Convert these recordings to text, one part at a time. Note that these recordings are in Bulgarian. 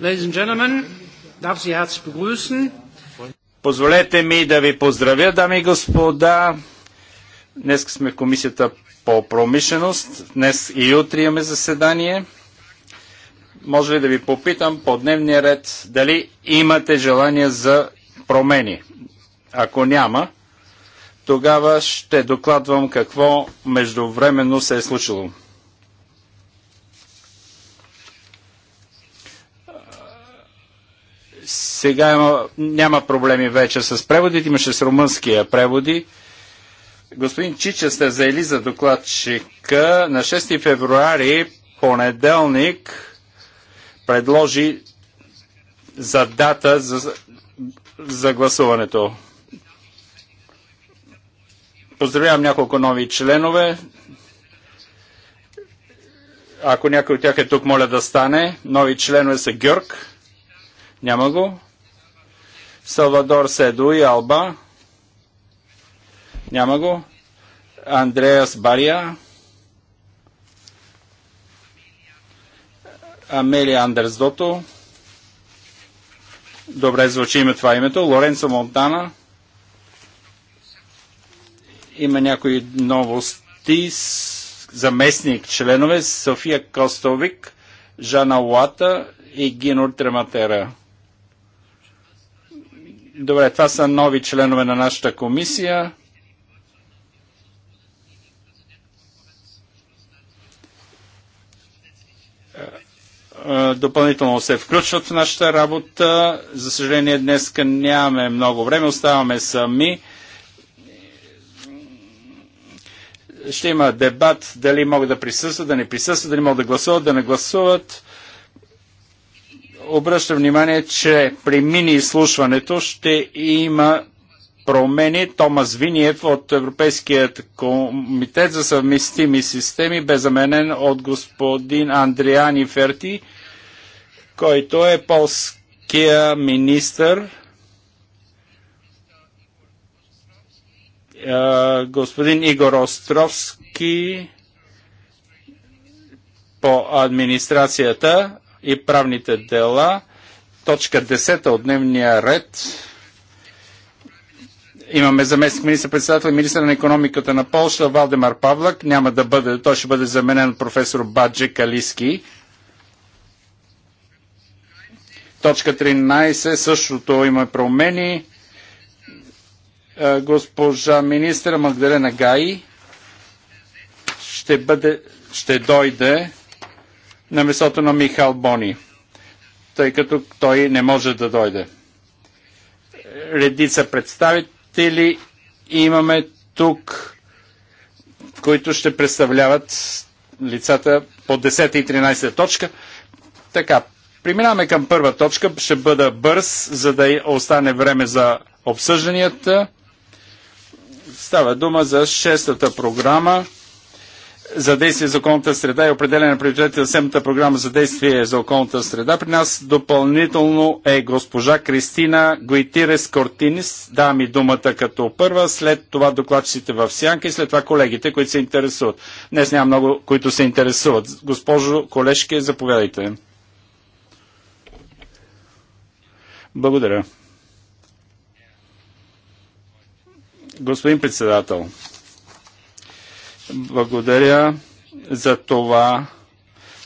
Ladies and gentlemen, darf Sie herzlich begrüßen. Позволете ми да ви поздравя, дами и господа. Днес сме в комисията по промишленост. Днес и утре имаме заседание. Може ли да ви попитам по дневния ред дали имате желание за промени? Ако няма, тогава ще докладвам какво междувременно се е случило. Сега има, няма проблеми вече с преводите, имаше с румънския преводи. Господин сте заели за докладчика на 6 февруари, понеделник, предложи за дата за, за гласуването. Поздравявам няколко нови членове. Ако някой от тях е тук, моля да стане. Нови членове са Георг. Няма го. Салвадор Седо и Алба. Няма го. Андреас Бария. Амелия Андерсдото. Добре звучи име това името. Лоренцо Монтана. Има някои новости. Заместник членове София Костовик, Жана Лата и Гинур Трематера. Добре, това са нови членове на нашата комисия. Е, е, допълнително се включват в нашата работа. За съжаление, днес нямаме много време, оставаме сами. Ще има дебат дали могат да присъстват, да не присъстват, дали могат да гласуват, да не гласуват обръща внимание, че при мини изслушването ще има промени. Томас Виниев от Европейският комитет за съвместими системи бе заменен от господин Андриани Ферти, който е полския министр. Господин Игор Островски по администрацията и правните дела. Точка 10 от дневния ред. Имаме заместник министър председател и министър на економиката на Полша Валдемар Павлак. Няма да бъде, той ще бъде заменен от професор Бадже Калиски. Точка 13, същото има промени. Е, госпожа министър Магдалена Гай ще, бъде, ще дойде на месото на Михал Бони, тъй като той не може да дойде. Редица представители имаме тук, които ще представляват лицата по 10 и 13 точка. Така, преминаваме към първа точка. Ще бъда бърз, за да остане време за обсъжданията. Става дума за шестата програма за действие за околната среда и определяне на приоритетите на седмата програма за действие за околната среда. При нас допълнително е госпожа Кристина Гуитирес Кортинис. Да ми думата като първа, след това докладчиците в Сянка и след това колегите, които се интересуват. Днес няма много, които се интересуват. Госпожо колежке, заповядайте. Благодаря. Господин председател, благодаря за това,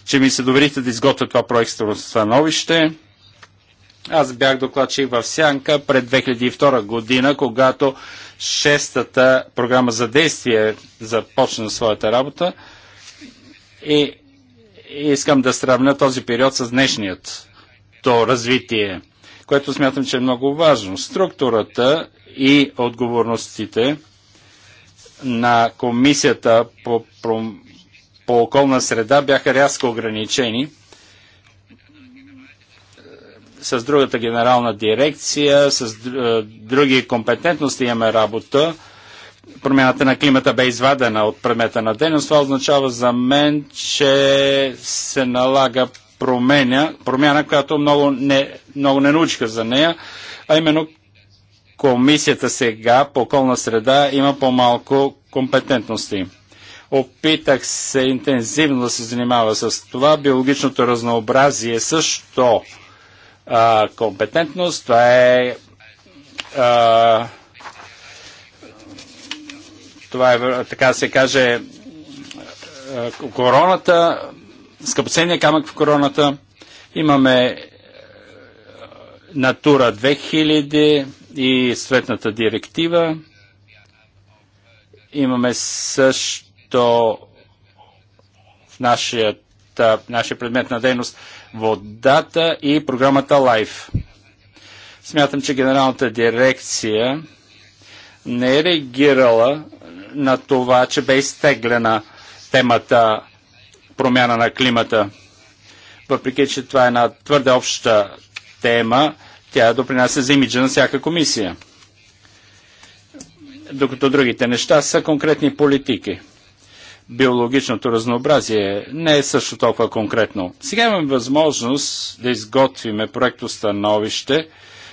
че ми се доверихте да изготвя това проектно становище. Аз бях докладчик в Сянка пред 2002 година, когато шестата програма за действие започна своята работа. И искам да сравня този период с днешният то развитие, което смятам, че е много важно. Структурата и отговорностите – на Комисията по, по, по околна среда бяха рязко ограничени с другата генерална дирекция, с е, други компетентности имаме работа. Промяната на климата бе извадена от предмета на дейност. Това означава за мен, че се налага променя, промяна, която много не, много не научиха за нея, а именно комисията сега по околна среда има по-малко компетентности. Опитах се интензивно да се занимава с това. Биологичното разнообразие също а, компетентност. Това е а, това е, така се каже, короната, скъпоценния камък в короната. Имаме Натура 2000, и светната директива. Имаме също в нашия, нашия предмет на дейност водата и програмата LIFE. Смятам, че генералната дирекция не е реагирала на това, че бе изтеглена темата промяна на климата. Въпреки, че това е една твърде обща тема, тя допринася за имиджа на всяка комисия. Докато другите неща са конкретни политики. Биологичното разнообразие не е също толкова конкретно. Сега имаме възможност да изготвиме проекто становище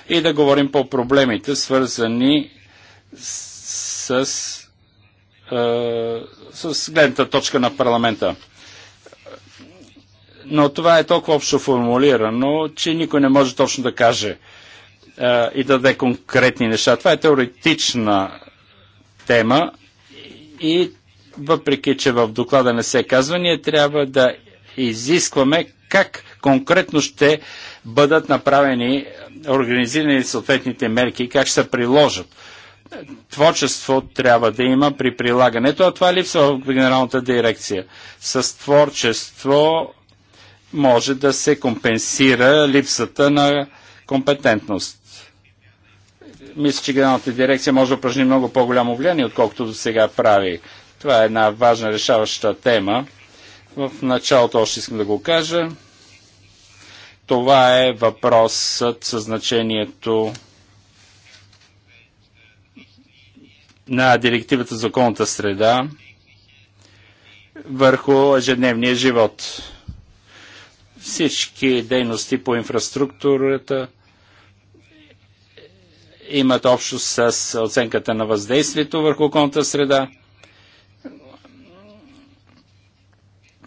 и да говорим по проблемите, свързани с с е, гледната точка на парламента но това е толкова общо формулирано, че никой не може точно да каже а, е, и да даде конкретни неща. Това е теоретична тема и въпреки, че в доклада не се казва, ние трябва да изискваме как конкретно ще бъдат направени, организирани съответните мерки, как ще се приложат. Творчество трябва да има при прилагането, а това липсва в Генералната дирекция. С творчество може да се компенсира липсата на компетентност. Мисля, че Генералната дирекция може да упражни много по-голямо влияние, отколкото до сега прави. Това е една важна решаваща тема. В началото още искам да го кажа. Това е въпросът със значението на директивата за околната среда върху ежедневния живот. Всички дейности по инфраструктурата имат общо с оценката на въздействието върху околната среда,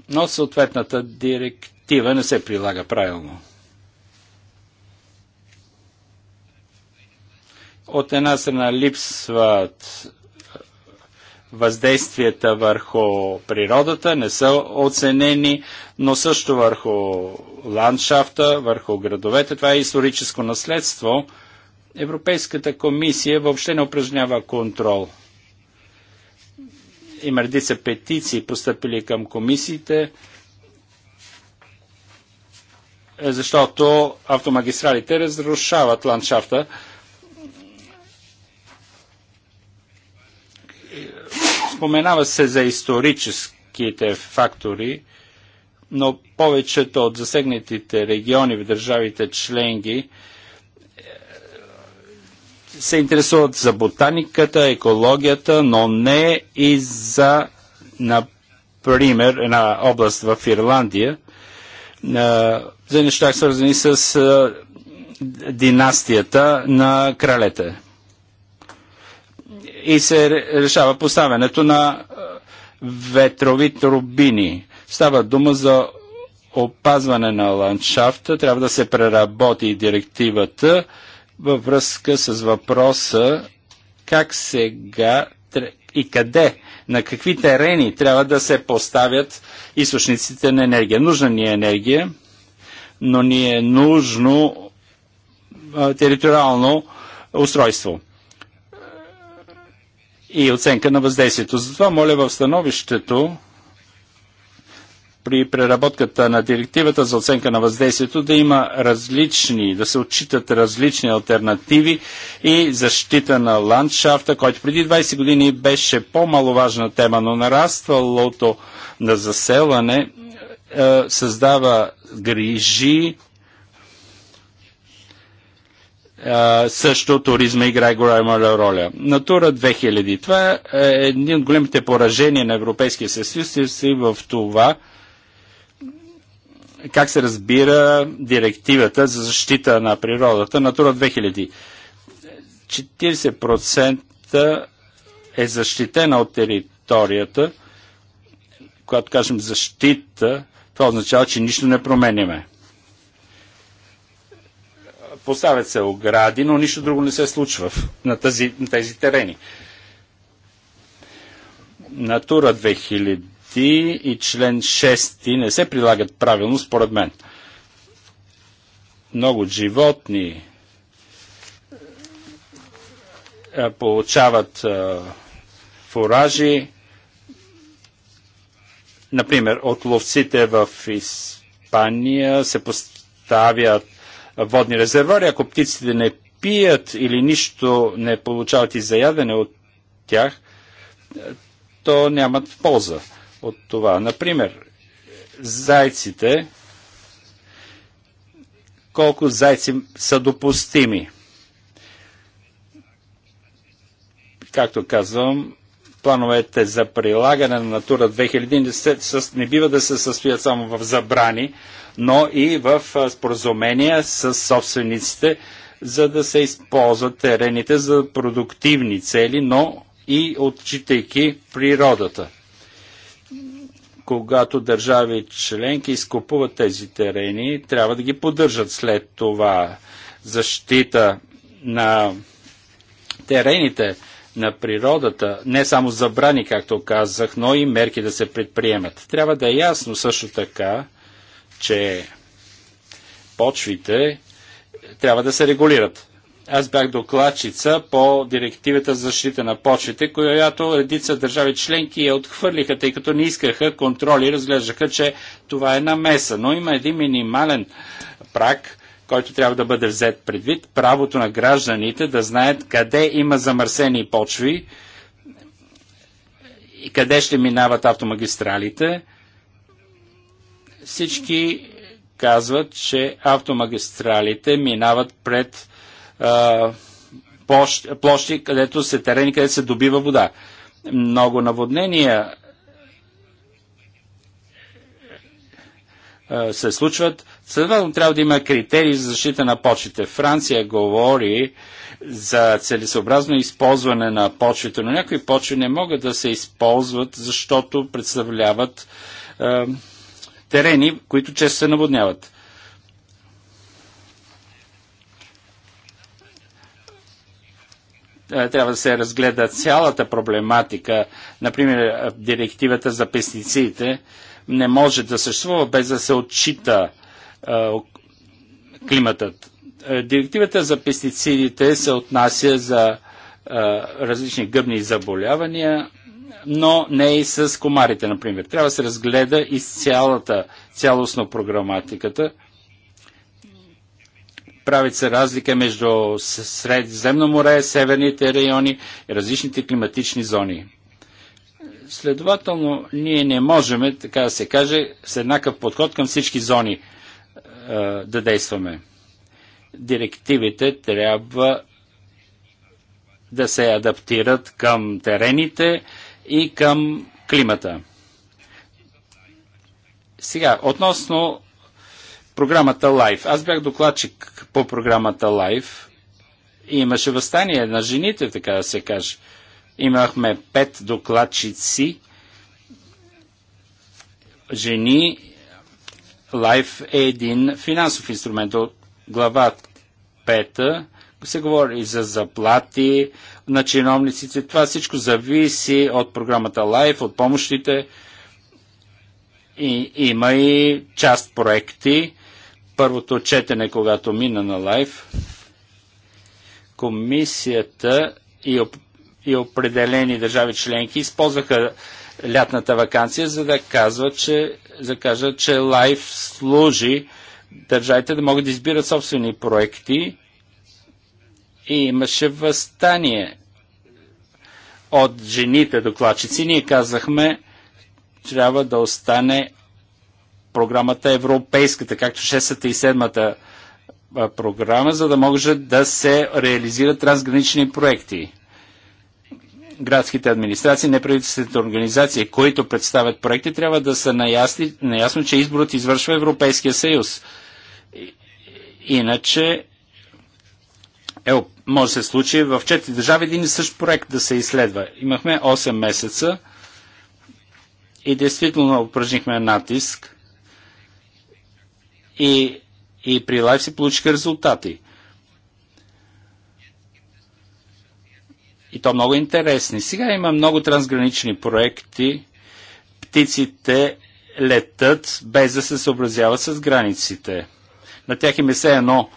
но съответната директива не се прилага правилно. От една страна липсват въздействията върху природата не са оценени, но също върху ландшафта, върху градовете. Това е историческо наследство. Европейската комисия въобще не упражнява контрол. Има редица петиции, поступили към комисиите, защото автомагистралите разрушават ландшафта Споменава се за историческите фактори, но повечето от засегнатите региони в държавите членги е, се интересуват за ботаниката, екологията, но не и за, например, една област в Ирландия, е, за неща свързани с е, династията на кралете и се решава поставянето на е, ветрови турбини. Става дума за опазване на ландшафта. Трябва да се преработи директивата във връзка с въпроса как сега и къде, на какви терени трябва да се поставят източниците на енергия. Нужна ни е енергия, но ни е нужно а, е, териториално устройство и оценка на въздействието. Затова моля в становището при преработката на директивата за оценка на въздействието да има различни, да се отчитат различни альтернативи и защита на ландшафта, който преди 20 години беше по-маловажна тема, но нараствалото на заселане е, създава грижи, също туризма играе голяма роля. Натура 2000. Това е един от големите поражения на Европейския съюз и в това как се разбира директивата за защита на природата Натура 2000. 40% е защитена от територията. Когато кажем защита, това означава, че нищо не променяме. Поставят се огради, но нищо друго не се случва на, тази, на тези терени. Натура 2000 и член 6 не се прилагат правилно, според мен. Много животни получават фуражи, например, от ловците в Испания се поставят водни резервуари. Ако птиците не пият или нищо не получават и заядене от тях, то нямат полза от това. Например, зайците, колко зайци са допустими. Както казвам, плановете за прилагане на Натура 2010 не бива да се състоят само в забрани, но и в споразумения с собствениците, за да се използват терените за продуктивни цели, но и отчитайки природата. Когато държави членки изкупуват тези терени, трябва да ги поддържат след това. Защита на терените, на природата, не само забрани, както казах, но и мерки да се предприемат. Трябва да е ясно също така, че почвите трябва да се регулират. Аз бях докладчица по директивата за защита на почвите, която редица държави членки я отхвърлиха, тъй като не искаха контроли, разглеждаха, че това е намеса. Но има един минимален прак, който трябва да бъде взет предвид. Правото на гражданите да знаят къде има замърсени почви и къде ще минават автомагистралите всички казват, че автомагистралите минават пред а, площ, площи, където се терени, където се добива вода. Много наводнения а, се случват. Следователно трябва да има критерии за защита на почвите. Франция говори за целесообразно използване на почвите, но някои почви не могат да се използват, защото представляват а, терени, които често се наводняват. Е, трябва да се разгледа цялата проблематика. Например, е, директивата за пестицидите не може да съществува без да се отчита е, климатът. Директивата за пестицидите се отнася за а, различни гъбни заболявания но не и с комарите, например. Трябва да се разгледа и цялата, цялостно програматиката. Правят се разлика между Средиземно море, северните райони и различните климатични зони. Следователно, ние не можем, така да се каже, с еднакъв подход към всички зони е, да действаме. Директивите трябва да се адаптират към терените, и към климата. Сега, относно програмата Life. Аз бях докладчик по програмата Life и имаше възстание на жените, така да се каже. Имахме пет докладчици, жени. Life е един финансов инструмент. От глава 5 се говори за заплати, на чиновниците. Това всичко зависи от програмата Life, от помощите. И, има и част проекти. Първото четене, когато мина на ЛАЙФ, комисията и, и определени държави членки използваха лятната вакансия, за да казват, че, за кажа, че лайф служи държавите да могат да избират собствени проекти и имаше възстание от жените докладчици. Ние казахме, трябва да остане програмата европейската, както 6-та и 7-та програма, за да може да се реализират трансгранични проекти. Градските администрации, неправителствените организации, които представят проекти, трябва да са наясни, наясно, че изборът извършва Европейския съюз. Иначе е може да се случи в четири държави един и същ проект да се изследва. Имахме 8 месеца и действително упражнихме натиск и, и при лайф се получиха резултати. И то много интересни. Сега има много трансгранични проекти. Птиците летат без да се съобразяват с границите. На тях им е все едно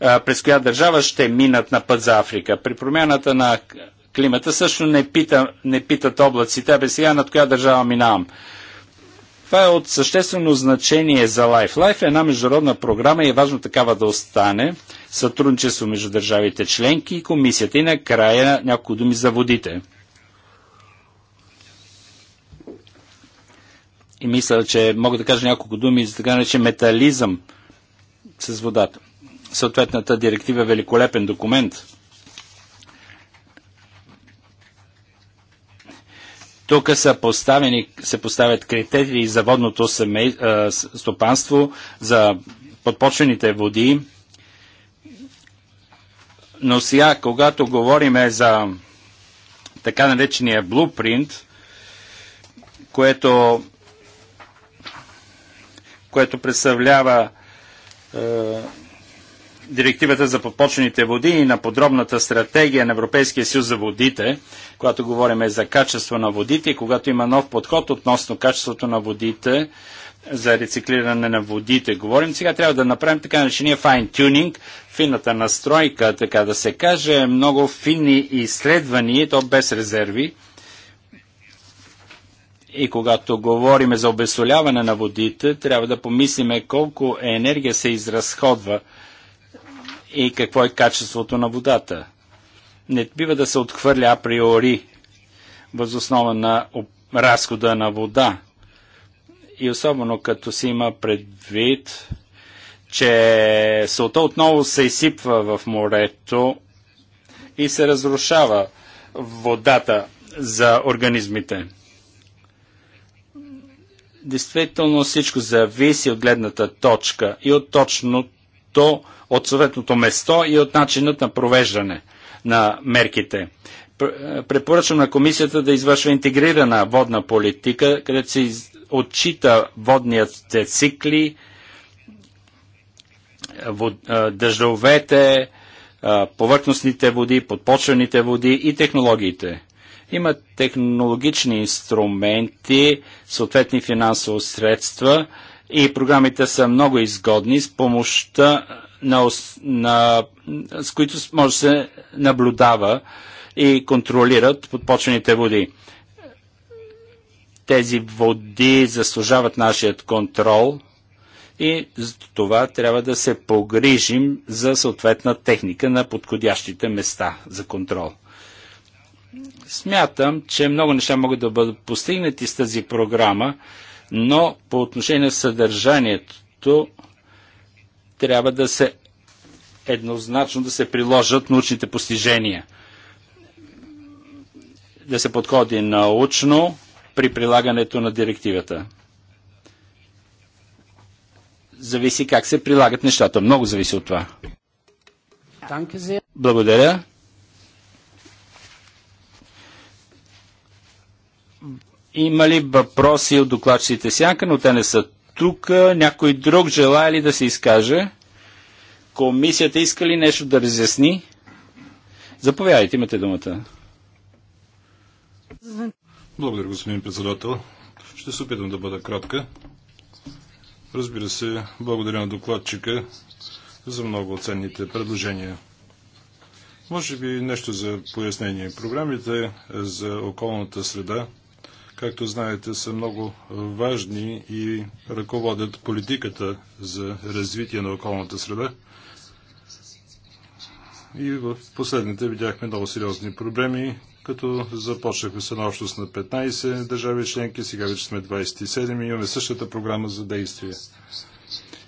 през коя държава ще минат на път за Африка. При промяната на климата също не, пита, не питат облаците, абе сега над коя държава минавам. Това е от съществено значение за Life. Life е една международна програма и е важно такава да остане. Сътрудничество между държавите членки и комисията. И накрая няколко думи за водите. И мисля, че мога да кажа няколко думи за така наречен метализъм с водата съответната директива великолепен документ. Тук са поставени, се поставят критерии за водното семей, а, стопанство, за подпочвените води. Но сега, когато говорим за така наречения блупринт, което, което представлява е, директивата за подпочвените води и на подробната стратегия на Европейския съюз за водите, когато говорим за качество на водите и когато има нов подход относно качеството на водите, за рециклиране на водите говорим, сега трябва да направим така наречения fine-tuning, финната настройка, така да се каже, е много финни изследвания, то без резерви. И когато говорим за обесоляване на водите, трябва да помислиме колко енергия се изразходва и какво е качеството на водата. Не бива да се отхвърля априори възоснова на разхода на вода. И особено като си има предвид, че солта отново се изсипва в морето и се разрушава водата за организмите. Действително всичко зависи от гледната точка и от точното от съветното место и от начинът на провеждане на мерките. Е, препоръчвам на комисията да извършва интегрирана водна политика, където се отчита водните цикли, вод, е, дъждовете, е, повърхностните води, подпочвените води и технологиите. Има технологични инструменти, съответни финансово средства и програмите са много изгодни с помощта на, на, с които може да се наблюдава и контролират подпочвените води. Тези води заслужават нашият контрол и за това трябва да се погрижим за съответна техника на подходящите места за контрол. Смятам, че много неща могат да бъдат постигнати с тази програма, но по отношение на съдържанието трябва да се еднозначно да се приложат научните постижения. Да се подходи научно при прилагането на директивата. Зависи как се прилагат нещата. Много зависи от това. Благодаря. Има ли въпроси от докладчиците сянка, но те не са тук някой друг желая ли да се изкаже? Комисията иска ли нещо да разясни? Заповядайте, имате думата. Благодаря, господин председател. Ще се опитам да бъда кратка. Разбира се, благодаря на докладчика за много ценните предложения. Може би нещо за пояснение. Програмите за околната среда както знаете, са много важни и ръководят политиката за развитие на околната среда. И в последните видяхме много сериозни проблеми, като започнахме с една общност на 15 държави членки, сега вече сме 27 и имаме същата програма за действие.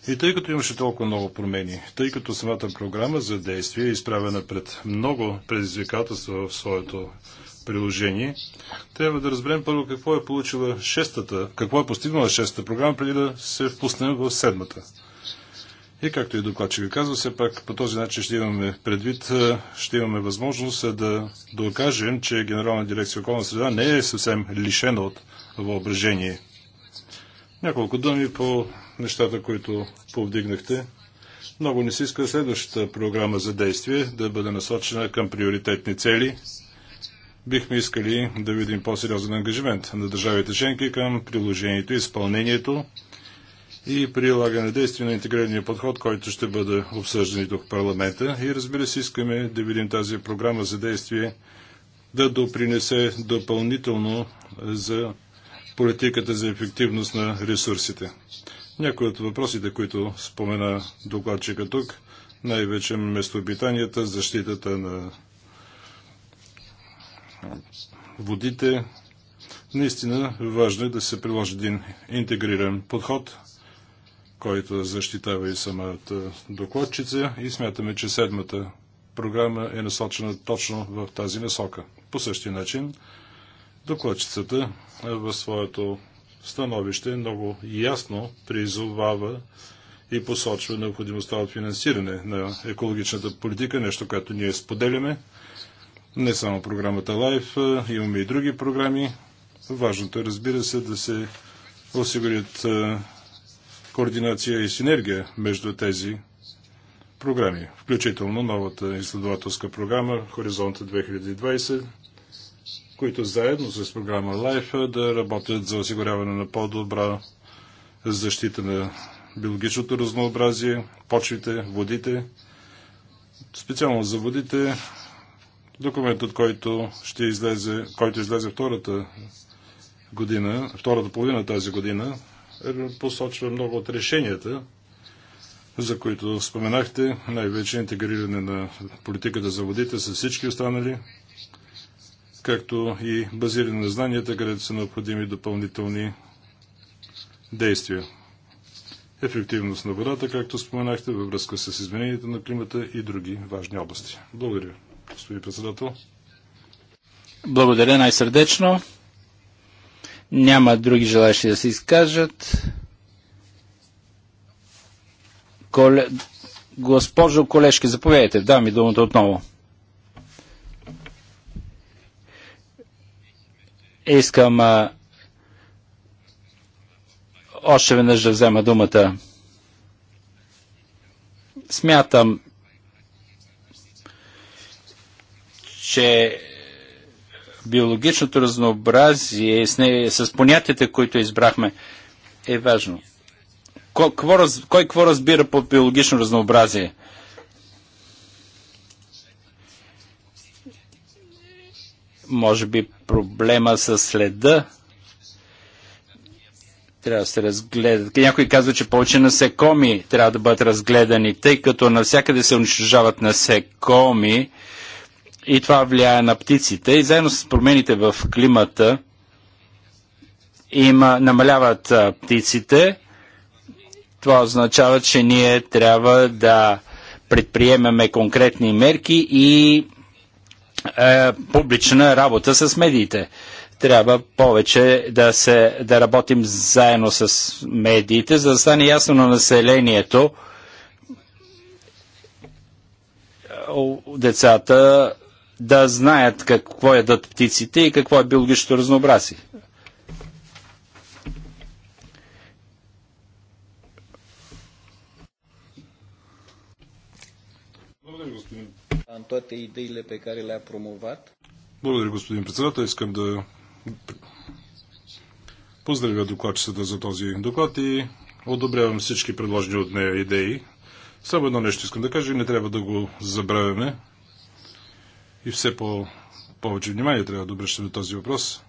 И тъй като имаше толкова много промени, тъй като самата програма за действие е изправена пред много предизвикателства в своето приложение, трябва да разберем първо какво е получила шестата, какво е постигнала шестата програма, преди да се впуснем в седмата. И както и докладчика казва, все пак по този начин ще имаме предвид, ще имаме възможност да докажем, че Генерална дирекция околна среда не е съвсем лишена от въображение. Няколко думи по нещата, които повдигнахте. Много не се иска следващата програма за действие да бъде насочена към приоритетни цели – бихме искали да видим по-сериозен ангажимент на държавите членки към приложението, изпълнението и прилагане на действие на интегрирания подход, който ще бъде обсъждан и тук в парламента. И разбира се, искаме да видим тази програма за действие да допринесе допълнително за политиката за ефективност на ресурсите. Някои от въпросите, които спомена докладчика тук, най-вече местообитанията, защитата на водите, наистина важно е да се приложи един интегриран подход, който защитава и самата докладчица и смятаме, че седмата програма е насочена точно в тази насока. По същия начин докладчицата в своето становище много ясно призовава и посочва необходимостта от финансиране на екологичната политика, нещо, което ние споделяме. Не само програмата ЛАЙФ, имаме и други програми. Важното е, разбира се, да се осигурят координация и синергия между тези програми, включително новата изследователска програма Хоризонта 2020, които заедно с програма Лайф да работят за осигуряване на по-добра защита на биологичното разнообразие, почвите, водите. Специално за водите Документът, който ще излезе, който излезе втората година, втората половина тази година, е, посочва много от решенията, за които споменахте, най-вече интегриране на политиката за водите с всички останали, както и базиране на знанията, където са необходими допълнителни действия. Ефективност на водата, както споменахте, във връзка с изменението на климата и други важни области. Благодаря господин председател. Благодаря най-сърдечно. Няма други желащи да се изкажат. Коле... Госпожо колешки, заповядайте. Да, ми думата отново. Искам а... още веднъж да взема думата. Смятам, че биологичното разнообразие с, не, с понятията, които избрахме, е важно. Кой какво, разбира под биологично разнообразие? Може би проблема с следа трябва да се разгледат. Някой казва, че повече насекоми трябва да бъдат разгледани, тъй като навсякъде се унищожават насекоми и това влияе на птиците. И заедно с промените в климата им намаляват птиците. Това означава, че ние трябва да предприемаме конкретни мерки и е, публична работа с медиите. Трябва повече да, се, да работим заедно с медиите, за да стане ясно на населението, децата да знаят какво ядат птиците и какво е биологичното разнообразие. Благодаря, господин председател. Искам да поздравя докладчицата за този доклад и одобрявам всички предложени от нея идеи. Само едно нещо искам да кажа и не трябва да го забравяме. И все по повече внимание трябва да обръщаме този въпрос.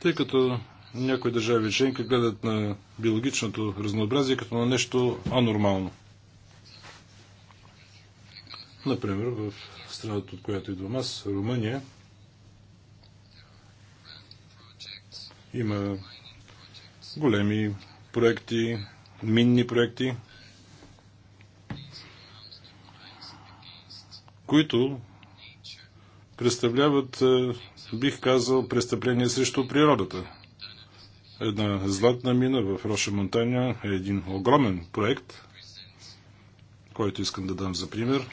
Тъй като някои държави членки гледат на биологичното разнообразие като на нещо анормално. Например, в страната, от която идвам аз, Румъния, има големи проекти, минни проекти, които представляват, е, бих казал, престъпление срещу природата. Една златна мина в Роша Монтаня е един огромен проект, който искам да дам за пример.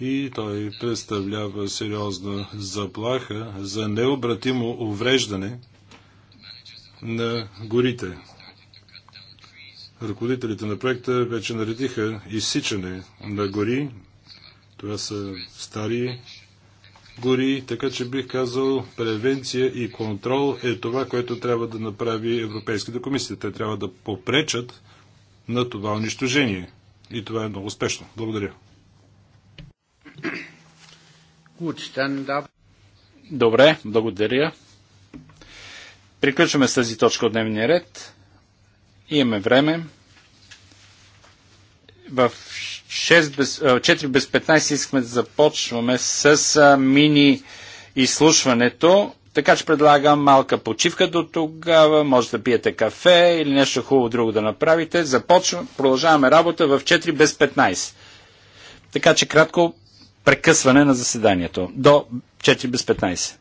И той представлява сериозна заплаха за необратимо увреждане на горите. Ръководителите на проекта вече наредиха изсичане на гори това са стари гори, така че бих казал превенция и контрол е това, което трябва да направи Европейската комисия. Те трябва да попречат на това унищожение. И това е много успешно. Благодаря. Добре, благодаря. Приключваме с тази точка от дневния ред. Имаме време. В 4 без 15 искаме да започваме с мини изслушването. Така че предлагам малка почивка до тогава. Може да пиете кафе или нещо хубаво друго да направите. Започвам, продължаваме работа в 4 без 15. Така че кратко прекъсване на заседанието до 4 без 15.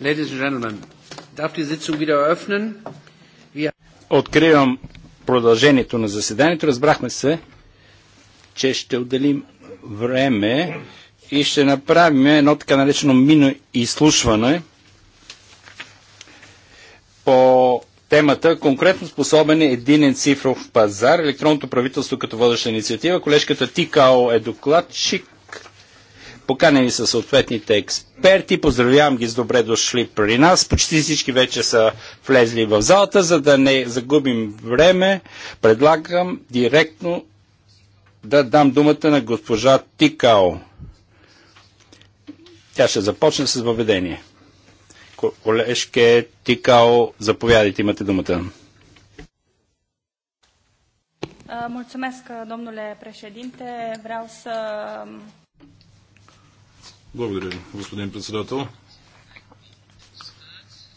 Ladies and gentlemen, darf die Sitzung wieder eröffnen? Wir... Откривам продължението на заседанието. Разбрахме се, че ще отделим време и ще направим едно така наречено мино изслушване по темата конкретно способен е единен цифров пазар, електронното правителство като водеща инициатива. Колежката Тикао е докладчик Поканени са съответните експерти. Поздравявам ги с добре дошли при нас. Почти всички вече са влезли в залата. За да не загубим време, предлагам директно да дам думата на госпожа Тикао. Тя ще започне с въведение. Колежке Тикао, заповядайте, имате думата. Mulțumesc, е, domnule președinte. Vreau să благодаря ви, господин председател.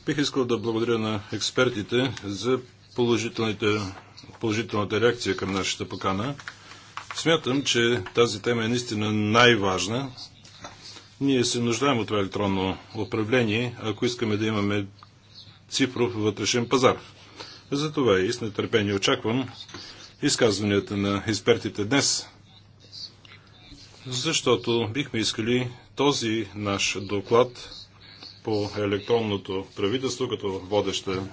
Бих искал да благодаря на експертите за положителната реакция към нашата покана. Смятам, че тази тема е наистина най-важна. Ние се нуждаем от това електронно управление, ако искаме да имаме цифров вътрешен пазар. Затова и с нетърпение очаквам изказванията на експертите днес, защото бихме искали този наш доклад по електронното правителство като водеща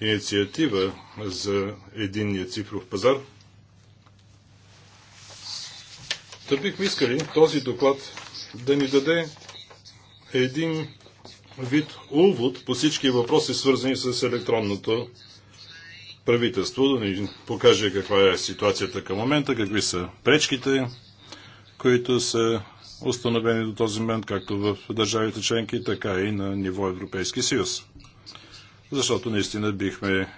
инициатива за единния цифров пазар. Та бихме искали този доклад да ни даде един вид увод по всички въпроси, свързани с електронното правителство, да ни покаже каква е ситуацията към момента, какви са пречките, които са установени до този момент, както в държавите членки, така и на ниво Европейски съюз. Защото наистина бихме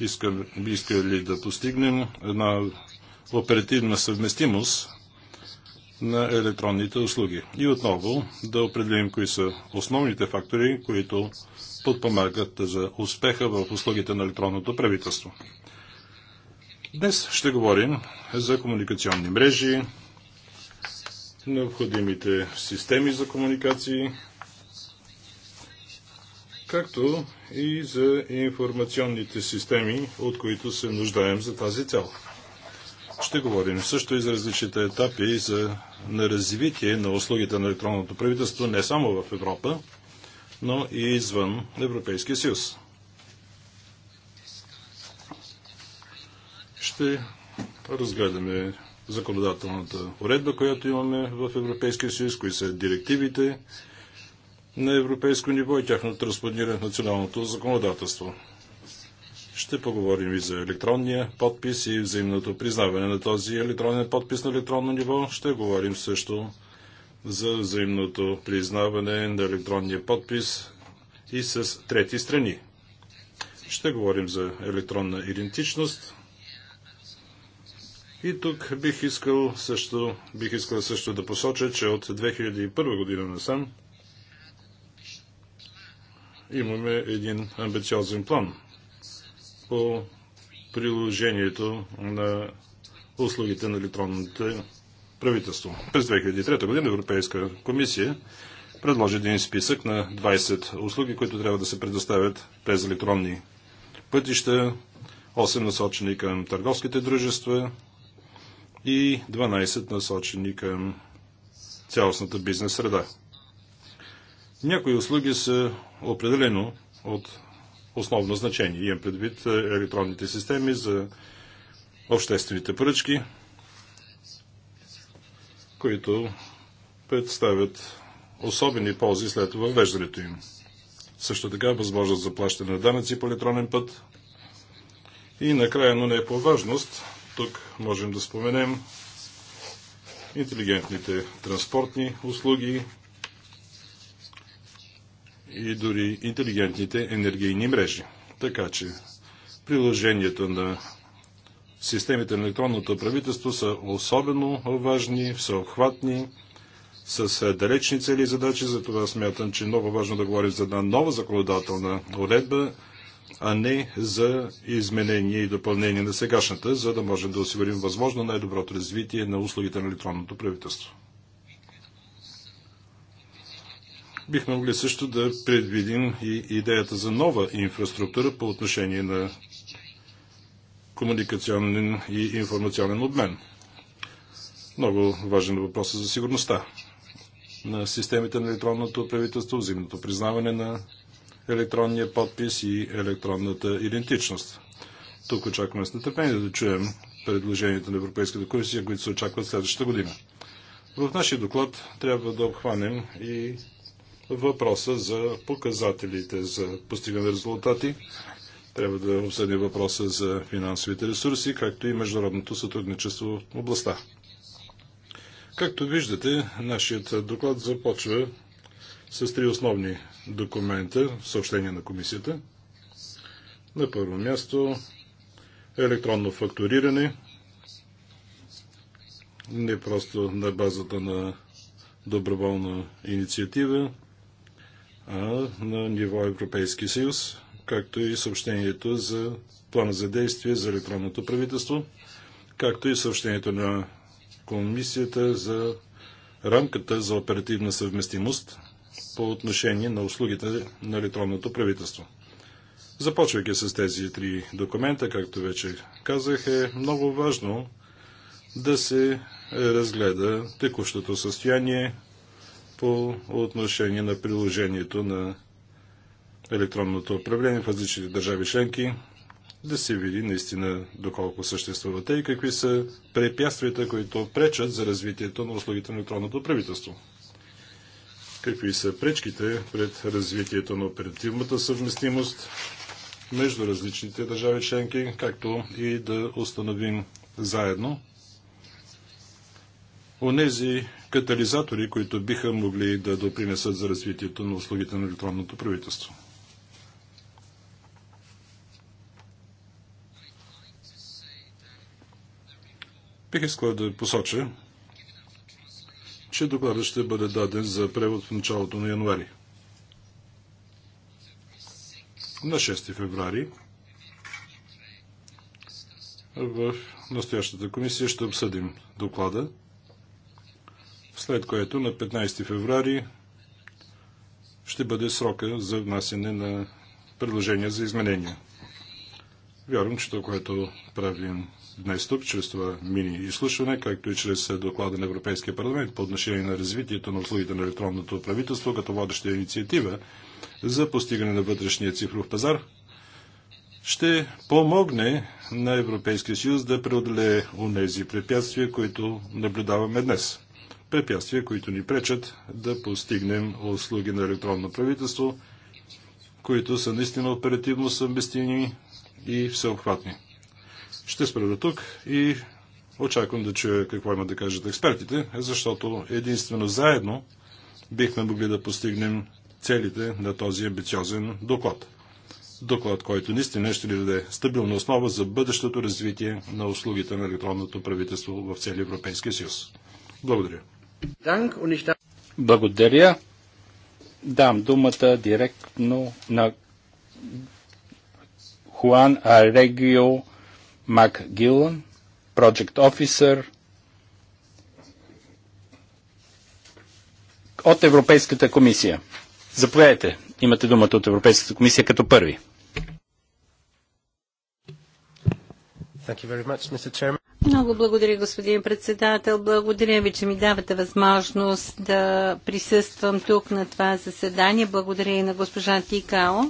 искали, искали да постигнем една оперативна съвместимост на електронните услуги. И отново да определим кои са основните фактори, които подпомагат за успеха в услугите на електронното правителство. Днес ще говорим за комуникационни мрежи, необходимите системи за комуникации, както и за информационните системи, от които се нуждаем за тази цел. Ще говорим също и за различните етапи за, на развитие на услугите на електронното правителство не само в Европа, но и извън Европейския съюз. Ще разгледаме законодателната уредба, която имаме в Европейския съюз, кои са директивите на европейско ниво и тяхното транспониране в националното законодателство. Ще поговорим и за електронния подпис и взаимното признаване на този електронен подпис на електронно ниво. Ще говорим също за взаимното признаване на електронния подпис и с трети страни. Ще говорим за електронна идентичност, и тук бих искал също, бих искал също да посоча, че от 2001 година насам имаме един амбициозен план по приложението на услугите на електронните правителство. През 2003 година Европейска комисия предложи един списък на 20 услуги, които трябва да се предоставят през електронни пътища, 8 насочени към търговските дружества, и 12 насочени към цялостната бизнес среда. Някои услуги са определено от основно значение. Имам предвид е, електронните системи за обществените поръчки, които представят особени ползи след въвеждането им. Също така възможност за плащане на данъци по електронен път. И накрая, но не е по важност, тук можем да споменем интелигентните транспортни услуги и дори интелигентните енергийни мрежи. Така че приложението на системите на електронното правителство са особено важни, всеобхватни, с е, далечни цели и задачи. Затова смятам, че е много важно да говорим за една нова законодателна уредба, а не за изменение и допълнение на сегашната, за да можем да осигурим възможно най-доброто развитие на услугите на електронното правителство. Бихме могли също да предвидим и идеята за нова инфраструктура по отношение на комуникационен и информационен обмен. Много важен въпрос е за сигурността на системите на електронното правителство, взаимното признаване на електронния подпис и електронната идентичност. Тук очакваме с нетърпение да чуем предложението на Европейската комисия, които се очакват следващата година. В нашия доклад трябва да обхванем и въпроса за показателите за постигане резултати. Трябва да обсъдим въпроса за финансовите ресурси, както и международното сътрудничество в областта. Както виждате, нашият доклад започва с три основни документа, съобщения на комисията. На първо място електронно фактуриране, не просто на базата на доброволна инициатива, а на ниво Европейски съюз, както и съобщението за плана за действие за електронното правителство, както и съобщението на комисията за рамката за оперативна съвместимост – по отношение на услугите на електронното правителство. Започвайки с тези три документа, както вече казах, е много важно да се разгледа текущото състояние по отношение на приложението на електронното управление в различните държави членки, да се види наистина доколко съществуват и какви са препятствията, които пречат за развитието на услугите на електронното правителство какви са пречките пред развитието на оперативната съвместимост между различните държави членки, както и да установим заедно онези катализатори, които биха могли да допринесат за развитието на услугите на електронното правителство. Бих искал да посоча, че докладът ще бъде даден за превод в началото на януари. На 6 феврари в настоящата комисия ще обсъдим доклада, след което на 15 феврари ще бъде срока за внасяне на предложения за изменения. Вярвам, че това, което правим днес тук, чрез това мини изслушване, както и чрез доклада на Европейския парламент по отношение на развитието на услугите на електронното правителство като водеща инициатива за постигане на вътрешния цифров пазар, ще помогне на Европейския съюз да преодолее онези препятствия, които наблюдаваме днес. Препятствия, които ни пречат да постигнем услуги на електронно правителство, които са наистина оперативно съвместими и всеобхватни. Ще спра до тук и очаквам да чуя какво имат да кажат експертите, защото единствено заедно бихме могли да постигнем целите на този амбициозен доклад. Доклад, който наистина ще ли даде стабилна основа за бъдещото развитие на услугите на електронното правителство в целия Европейски съюз. Благодаря. Благодаря. Дам думата директно на Juan Aregio McGillan, Project Officer от Европейската комисия. Заповядайте, имате думата от Европейската комисия като първи. Thank you very Much, Mr. Chairman. Много благодаря, господин председател. Благодаря ви, че ми давате възможност да присъствам тук на това заседание. Благодаря и на госпожа Тикао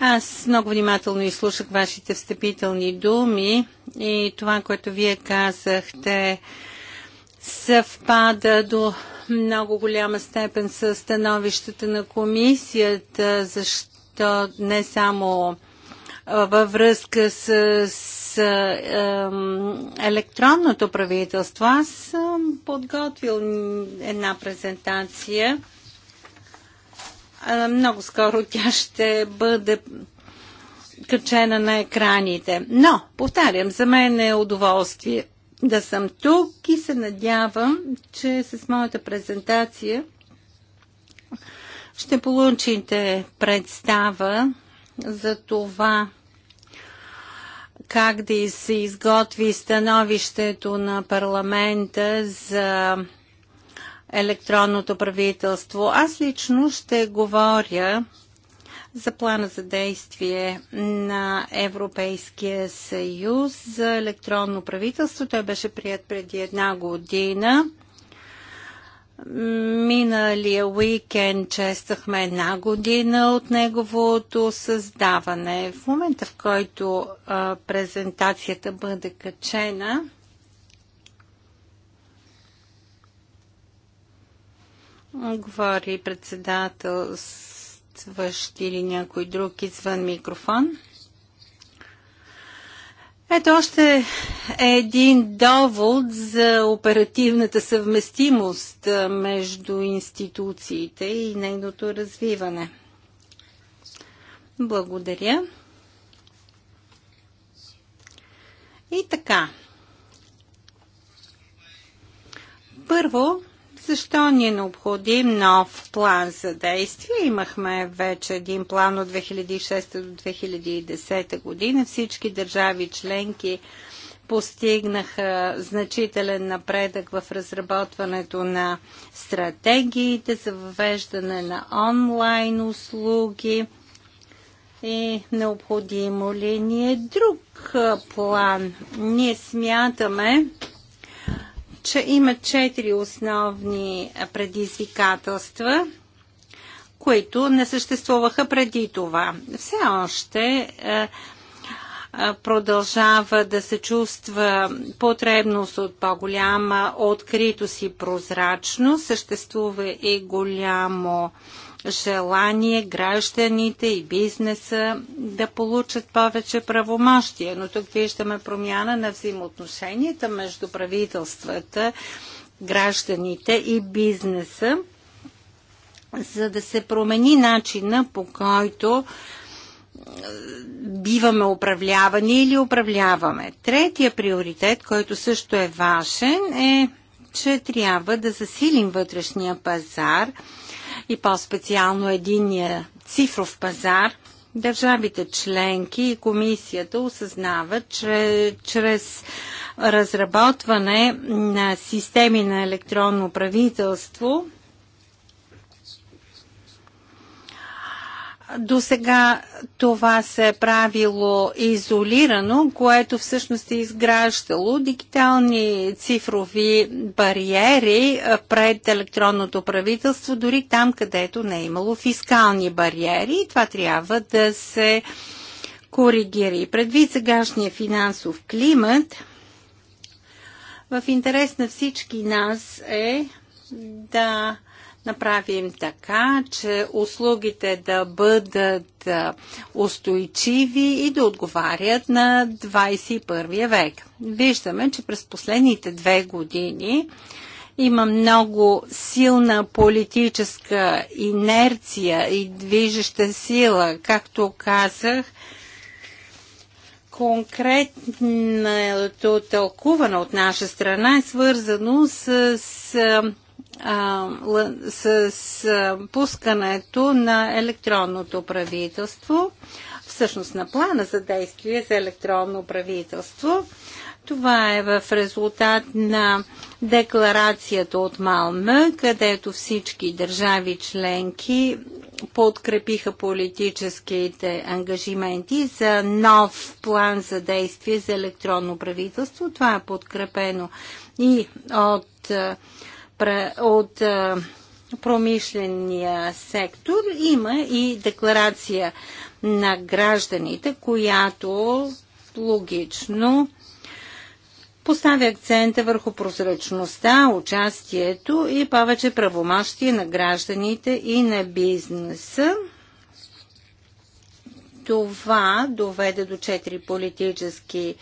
аз много внимателно изслушах вашите встъпителни думи и това, което вие казахте, съвпада до много голяма степен с становищата на комисията, защо не само във връзка с, с е, електронното правителство. Аз съм подготвил една презентация много скоро тя ще бъде качена на екраните. Но, повтарям, за мен е удоволствие да съм тук и се надявам, че с моята презентация ще получите представа за това как да се изготви становището на парламента за електронното правителство. Аз лично ще говоря за плана за действие на Европейския съюз за електронно правителство. Той беше прият преди една година. Миналия уикенд честахме една година от неговото създаване. В момента, в който а, презентацията бъде качена, Говори председателстващ или някой друг извън микрофон. Ето още е един довод за оперативната съвместимост между институциите и нейното развиване. Благодаря. И така. Първо, защо ни е необходим нов план за действие? Имахме вече един план от 2006 до 2010 година. Всички държави членки постигнаха значителен напредък в разработването на стратегиите за въвеждане на онлайн услуги. И необходимо ли ни е друг план? Ние смятаме, че има четири основни предизвикателства, които не съществуваха преди това. Все още е, е, продължава да се чувства потребност от по-голяма откритост и прозрачност. Съществува и голямо желание гражданите и бизнеса да получат повече правомощия. Но тук виждаме промяна на взаимоотношенията между правителствата, гражданите и бизнеса, за да се промени начина по който е, биваме управлявани или управляваме. Третия приоритет, който също е важен, е, че трябва да засилим вътрешния пазар – и по-специално единния цифров пазар, държавите членки и комисията осъзнават, че чрез разработване на системи на електронно правителство До сега това се е правило изолирано, което всъщност е изграждало дигитални цифрови бариери пред електронното правителство, дори там, където не е имало фискални бариери. И това трябва да се коригира. И предвид сегашния финансов климат, в интерес на всички нас е да направим така, че услугите да бъдат устойчиви и да отговарят на 21 век. Виждаме, че през последните две години има много силна политическа инерция и движеща сила, както казах, конкретното тълкуване от наша страна е свързано с, с, с пускането на електронното правителство, всъщност на плана за действие за електронно правителство. Това е в резултат на декларацията от Малме, където всички държави членки подкрепиха политическите ангажименти за нов план за действие за електронно правителство. Това е подкрепено и от от промишления сектор. Има и декларация на гражданите, която логично поставя акцента върху прозрачността, участието и повече правомощие на гражданите и на бизнеса. Това доведе до четири политически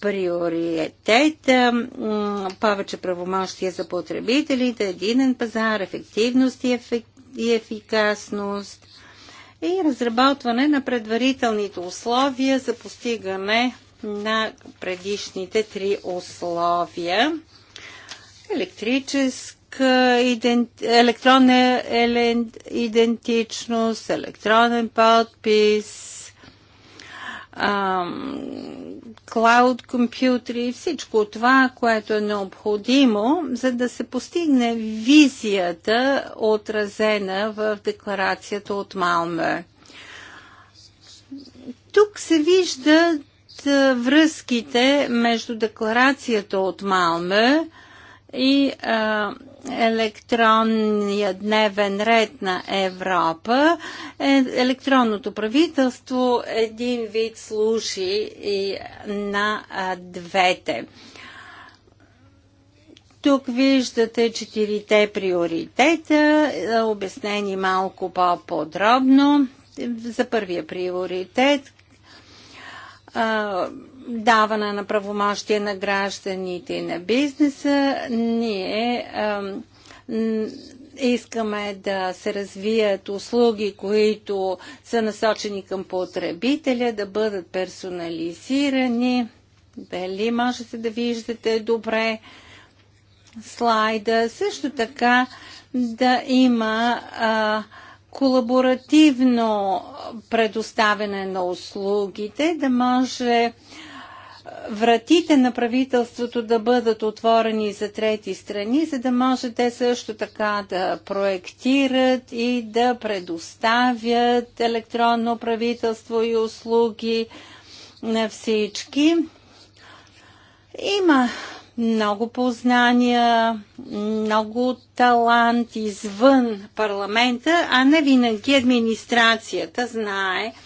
приоритет, повече правомощия за потребителите, единен пазар, ефективност и, ефик... и ефикасност и разработване на предварителните условия за постигане на предишните три условия. Електрическа, идент... електронна идентичност, електронен подпис, ам клауд компютри, и всичко това, което е необходимо, за да се постигне визията, отразена в декларацията от Малме. Тук се виждат връзките между декларацията от Малме и а, електронния дневен ред на Европа, е, електронното правителство един вид слуши и на двете. Тук виждате четирите приоритета, е, обяснени малко по-подробно. За първия приоритет даване на правомощия на гражданите и на бизнеса, ние искаме да се развият услуги, които са насочени към потребителя, да бъдат персонализирани. Дали можете да виждате добре слайда? Също така да има а, колаборативно предоставяне на услугите, да може вратите на правителството да бъдат отворени за трети страни, за да може те също така да проектират и да предоставят електронно правителство и услуги на всички. Има много познания, много талант извън парламента, а не винаги администрацията знае –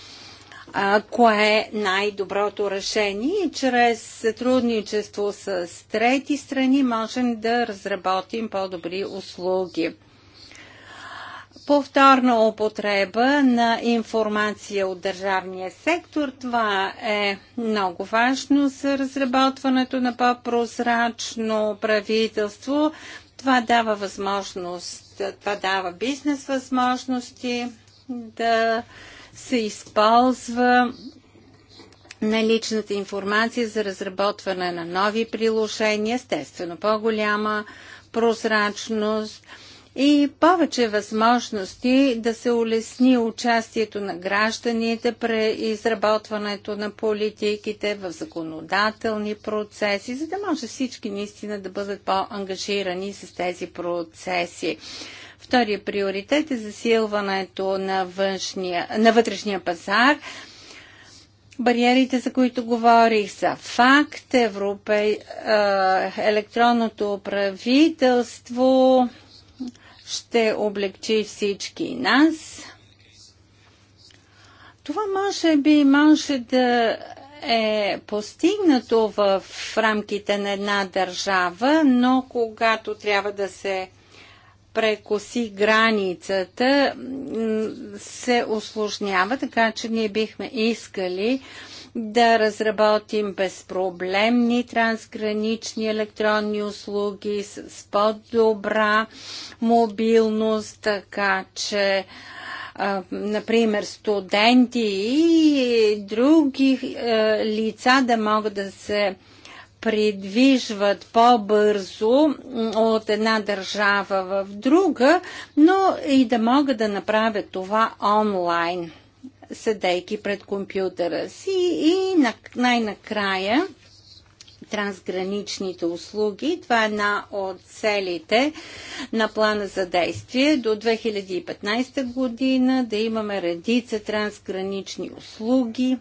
а, кое е най-доброто решение. Чрез сътрудничество с трети страни можем да разработим по-добри услуги. Повторна употреба на информация от държавния сектор. Това е много важно за разработването на по-прозрачно правителство. Това дава възможност, това дава бизнес възможности да се използва наличната информация за разработване на нови приложения, естествено по-голяма прозрачност и повече възможности да се улесни участието на гражданите при изработването на политиките в законодателни процеси, за да може всички наистина да бъдат по-ангажирани с тези процеси. Втория приоритет е засилването на, външния, на вътрешния пазар. Бариерите, за които говорих, са факт. Европе, електронното правителство ще облегчи всички нас. Това може би може да е постигнато в рамките на една държава, но когато трябва да се прекоси границата, се осложнява, така че ние бихме искали да разработим безпроблемни трансгранични електронни услуги с по-добра мобилност, така че например, студенти и други е, лица да могат да се придвижват по-бързо от една държава в друга, но и да могат да направят това онлайн, седейки пред компютъра си. И най-накрая трансграничните услуги. Това е една от целите на плана за действие до 2015 година да имаме редица трансгранични услуги,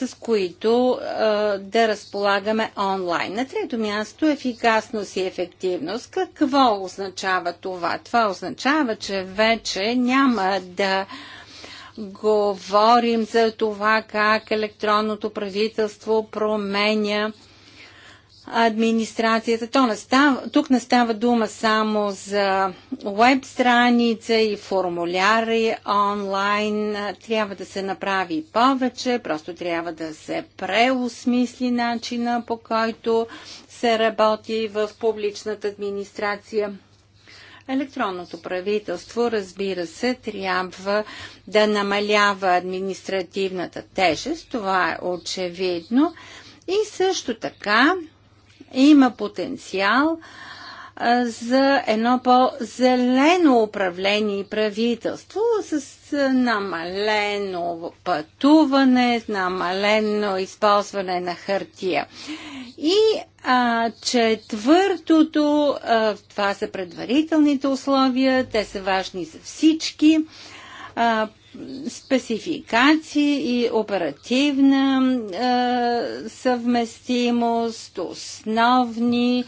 с които а, да разполагаме онлайн. На трето място ефикасност и ефективност. Какво означава това? Това означава, че вече няма да говорим за това как електронното правителство променя администрацията. То не става, тук не става дума само за веб страница и формуляри онлайн. Трябва да се направи повече, просто трябва да се преосмисли начина по който се работи в публичната администрация. Електронното правителство, разбира се, трябва да намалява административната тежест, това е очевидно. И също така има потенциал за едно по-зелено управление и правителство с намалено пътуване, намалено използване на хартия. И а, четвъртото, а, това са предварителните условия, те са важни за всички. А, спецификации и оперативна е, съвместимост, основни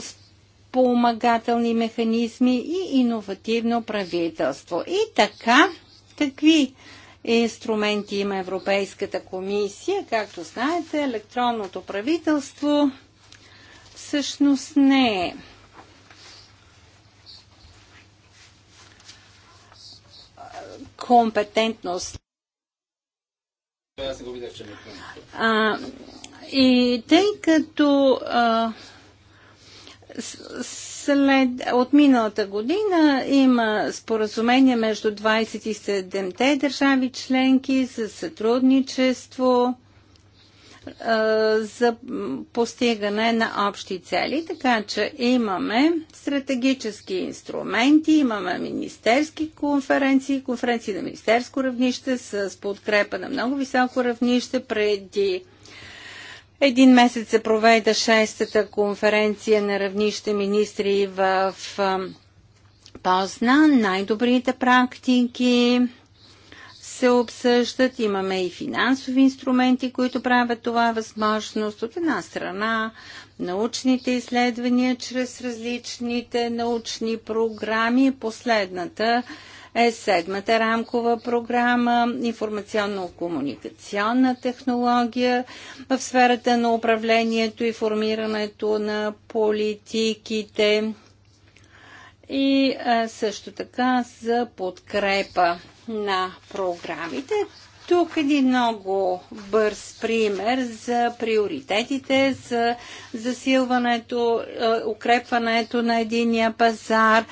спомагателни механизми и иновативно правителство. И така, какви инструменти има Европейската комисия? Както знаете, електронното правителство всъщност не е компетентност. А, и тъй като а, след, от миналата година има споразумение между 27-те държави членки за сътрудничество за постигане на общи цели. Така че имаме стратегически инструменти, имаме министерски конференции, конференции на министерско равнище с подкрепа на много високо равнище преди един месец се проведа шестата конференция на равнище министри в Позна. Най-добрите практики се обсъждат. Имаме и финансови инструменти, които правят това възможност. От една страна, научните изследвания чрез различните научни програми. Последната е седмата рамкова програма, информационно-комуникационна технология в сферата на управлението и формирането на политиките и също така за подкрепа на програмите. Тук един много бърз пример за приоритетите, за засилването, е, укрепването на единия пазар,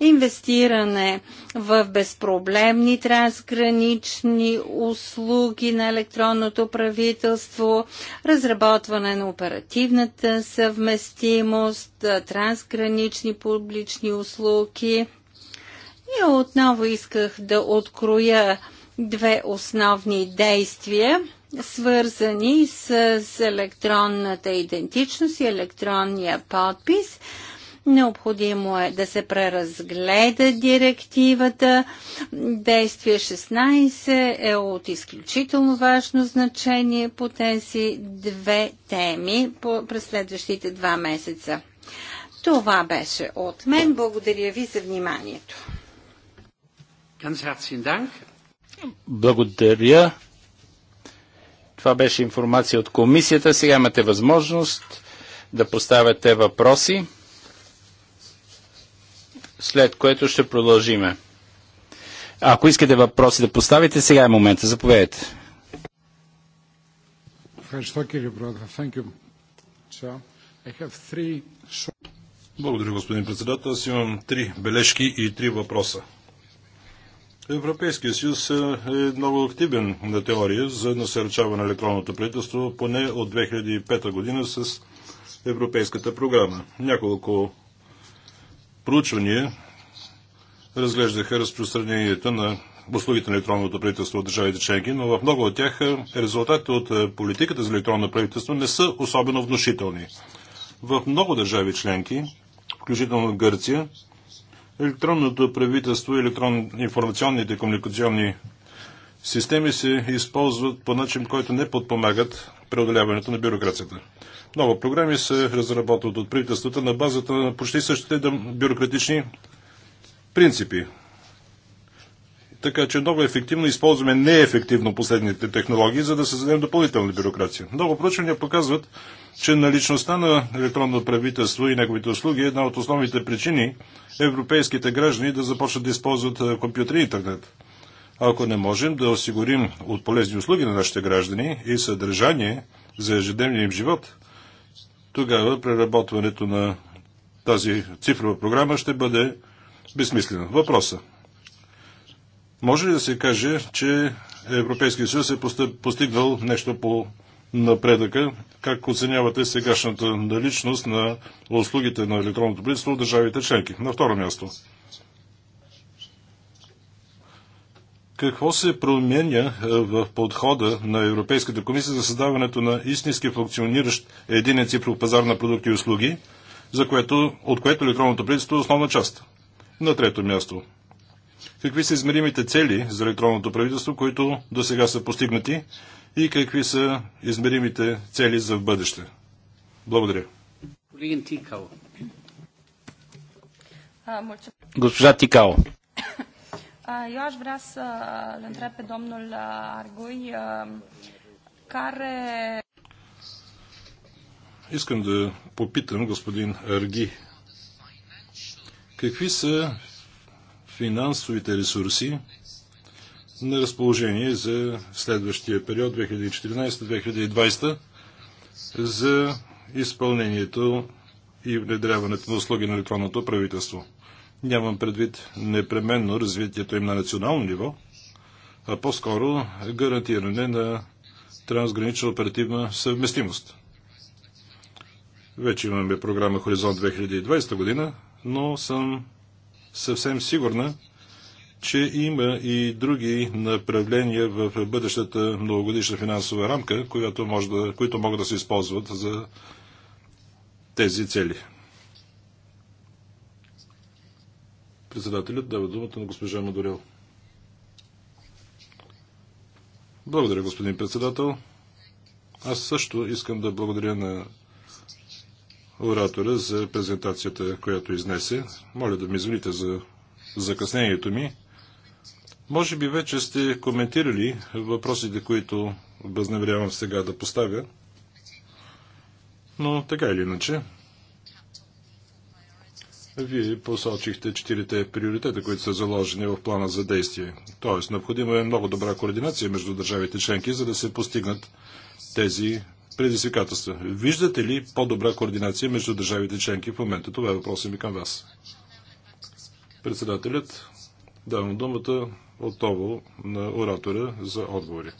инвестиране в безпроблемни трансгранични услуги на електронното правителство, разработване на оперативната съвместимост, е, трансгранични публични услуги – и отново исках да откроя две основни действия, свързани с електронната идентичност и електронния подпис. Необходимо е да се преразгледа директивата. Действие 16 е от изключително важно значение по тези две теми през следващите два месеца. Това беше от мен. Благодаря ви за вниманието. Благодаря. Това беше информация от комисията. Сега имате възможност да поставяте въпроси, след което ще продължиме. Ако искате въпроси да поставите, сега е момента. Заповядайте. Благодаря, господин председател. Аз имам три бележки и три въпроса. Европейския съюз е, е много активен на теория за насърчаване на електронното правителство, поне от 2005 година с Европейската програма. Няколко проучвания разглеждаха разпространението на услугите на електронното правителство от държавите членки, но в много от тях е, резултатите от е, политиката за електронно правителство не са особено внушителни. В много държави членки, включително Гърция, електронното правителство електронно електрон... информационните комуникационни системи се използват по начин, който не подпомагат преодоляването на бюрокрацията. Много програми се разработват от правителствата на базата на почти същите бюрократични принципи. Така че много ефективно използваме неефективно последните технологии, за да създадем допълнителна бюрокрация. Много проучвания показват, че наличността на електронно правителство и неговите услуги е една от основните причини европейските граждани да започнат да използват компютри и интернет. Ако не можем да осигурим от полезни услуги на нашите граждани и съдържание за ежедневния им живот, тогава преработването на тази цифрова програма ще бъде безсмислено. Въпроса. Може ли да се каже, че Европейския съюз е постигнал нещо по напредъка, как оценявате сегашната наличност на услугите на електронното правителство от държавите членки. На второ място. Какво се променя е, в подхода на Европейската комисия за създаването на истински функциониращ единен цифров пазар на продукти и услуги, за което, от което електронното правителство е основна част? На трето място. Какви са измеримите цели за електронното правителство, които до сега са постигнати и какви са измеримите цели за в бъдеще. Благодаря. Госпожа Тикао. Eu aș vrea să îl întreb pe domnul Argui care... Искам да попитам господин Арги. Какви са финансовите ресурси, на разположение за следващия период 2014-2020 за изпълнението и внедряването на услуги на електронното правителство. Нямам предвид непременно развитието им на национално ниво, а по-скоро гарантиране на трансгранична оперативна съвместимост. Вече имаме програма Хоризонт 2020 година, но съм съвсем сигурна, че има и други направления в бъдещата многогодишна финансова рамка, която може да, които могат да се използват за тези цели. Председателят дава думата на госпожа Мадорел. Благодаря, господин председател. Аз също искам да благодаря на оратора за презентацията, която изнесе. Моля да ми извините за закъснението ми. Може би вече сте коментирали въпросите, които възнамерявам сега да поставя, но така или иначе, вие посочихте четирите приоритета, които са заложени в плана за действие. Тоест, необходима е много добра координация между държавите членки, за да се постигнат тези предизвикателства. Виждате ли по-добра координация между държавите членки в момента? Това е въпросът ми към вас. Председателят, Давам думата отново на оратора за отговори.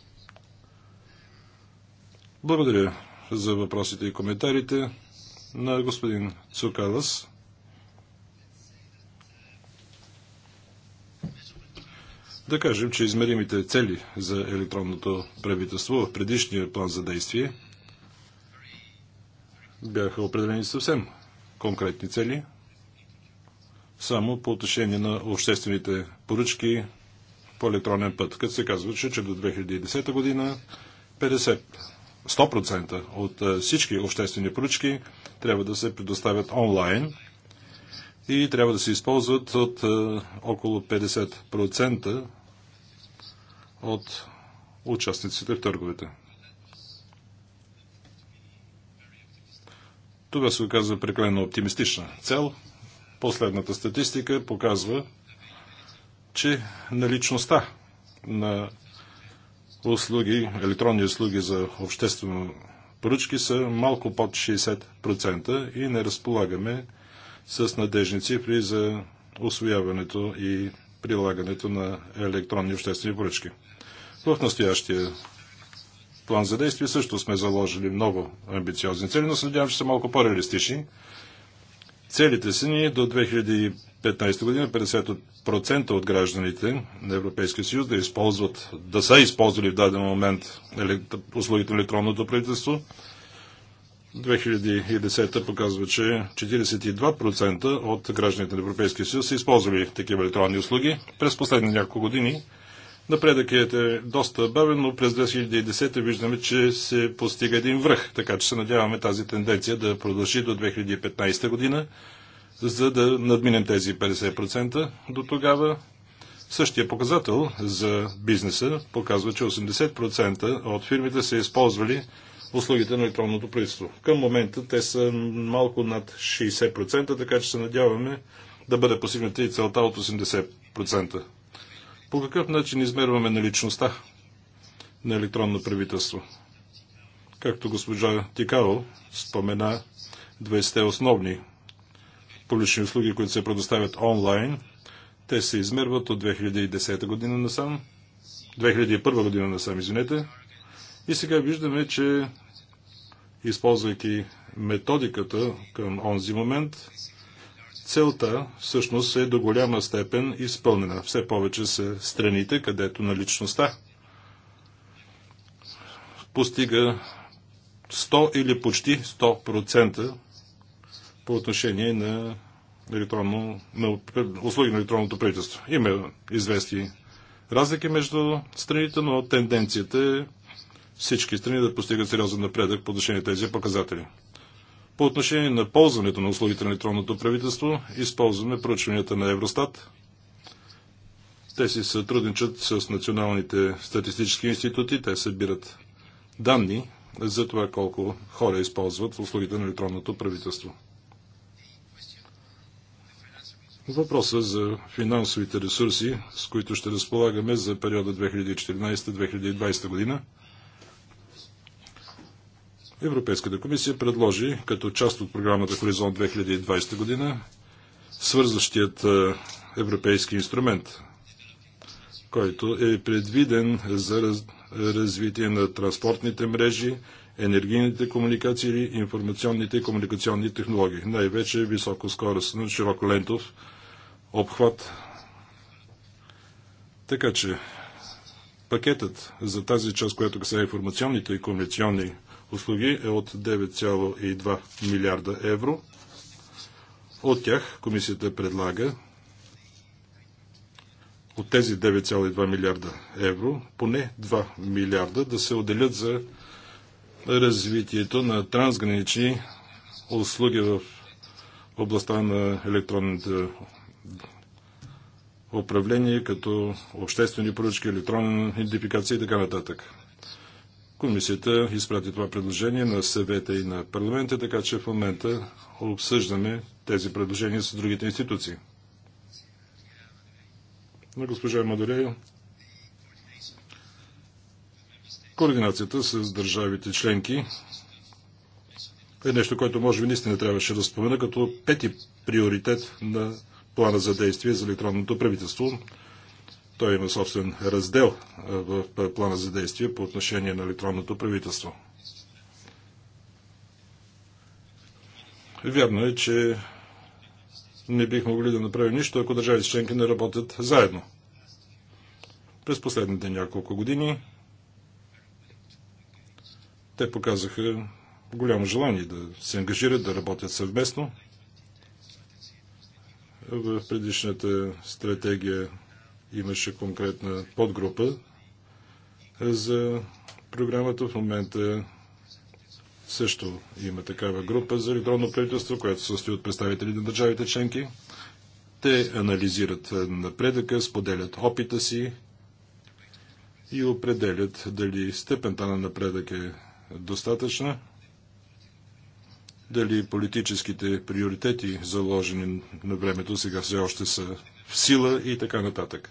Благодаря за въпросите и коментарите на господин Цукалас. Да кажем, че измеримите цели за електронното правителство в предишния план за действие бяха определени съвсем конкретни цели – само по отношение на обществените поръчки по електронен път, като се казва, че, че до 2010 година 50, 100% от всички обществени поръчки трябва да се предоставят онлайн и трябва да се използват от около 50% от участниците в търговете. Това се оказва прекалено оптимистична цел – Последната статистика показва, че наличността на услуги, електронни услуги за обществено поръчки са малко под 60% и не разполагаме с надежни цифри за освояването и прилагането на електронни обществени поръчки. В настоящия план за действие също сме заложили много амбициозни цели, но се надявам, че са малко по-реалистични, Целите са ни до 2015 година 50% от гражданите на Европейския съюз да използват, да са използвали в даден момент услугите на електронното правителство. 2010 показва, че 42% от гражданите на Европейския съюз са използвали такива електронни услуги. През последните няколко години Напредъкът е, е доста бавен, но през 2010 виждаме, че се постига един връх, така че се надяваме тази тенденция да продължи до 2015 година, за да надминем тези 50%. До тогава същия показател за бизнеса показва, че 80% от фирмите са използвали услугите на електронното правителство. Към момента те са малко над 60%, така че се надяваме да бъде постигната и целта от 80%. По какъв начин измерваме наличността на електронно правителство? Както госпожа Тикао спомена, 20 основни публични услуги, които се предоставят онлайн, те се измерват от 2010 година насам, 2001 година насам, извинете. И сега виждаме, че използвайки методиката към онзи момент, Целта всъщност е до голяма степен изпълнена. Все повече са страните, където на личността постига 100 или почти 100% по отношение на, електронно, на услуги на електронното правителство. Има известни разлики между страните, но тенденцията е всички страни да постигат сериозен напредък по отношение на тези показатели. По отношение на ползването на услугите на електронното правителство, използваме проучванията на Евростат. Те си сътрудничат с националните статистически институти. Те събират данни за това колко хора използват услугите на електронното правителство. Въпроса за финансовите ресурси, с които ще разполагаме за периода 2014-2020 година – Европейската комисия предложи като част от програмата Хоризонт 2020 година свързващият е, европейски инструмент, който е предвиден за раз... развитие на транспортните мрежи, енергийните комуникации или информационните и комуникационни технологии, най-вече високоскоростен, широколентов обхват. Така че пакетът за тази част, която касае информационните и комуникационни технологии, услуги е от 9,2 милиарда евро. От тях комисията предлага от тези 9,2 милиарда евро, поне 2 милиарда да се отделят за развитието на трансгранични услуги в областта на електронните управление, като обществени поръчки, електронна идентификация и така нататък. Комисията изпрати това предложение на съвета и на парламента, така че в момента обсъждаме тези предложения с другите институции. На госпожа Мадорея. Координацията с държавите членки е нещо, което може би наистина трябваше да спомена като пети приоритет на плана за действие за електронното правителство, той има собствен раздел в плана за действие по отношение на електронното правителство. Вярно е, че не бих могли да направим нищо, ако държавите членки не работят заедно. През последните няколко години те показаха голямо желание да се ангажират, да работят съвместно. В предишната стратегия Имаше конкретна подгрупа за програмата. В момента също има такава група за електронно правителство, която се състои от представители на държавите членки. Те анализират напредъка, споделят опита си и определят дали степента на напредък е достатъчна дали политическите приоритети, заложени на времето, сега все още са в сила и така нататък.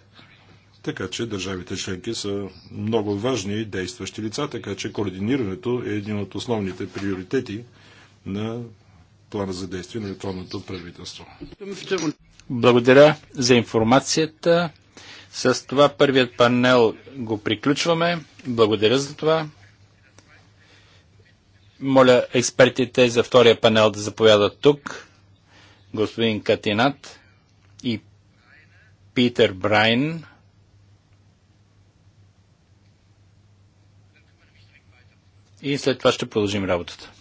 Така че държавите членки са много важни и действащи лица, така че координирането е един от основните приоритети на плана за действие на електронното правителство. Благодаря за информацията. С това първият панел го приключваме. Благодаря за това. Моля експертите за втория панел да заповядат тук. Господин Катинат и Питер Брайн. И след това ще продължим работата.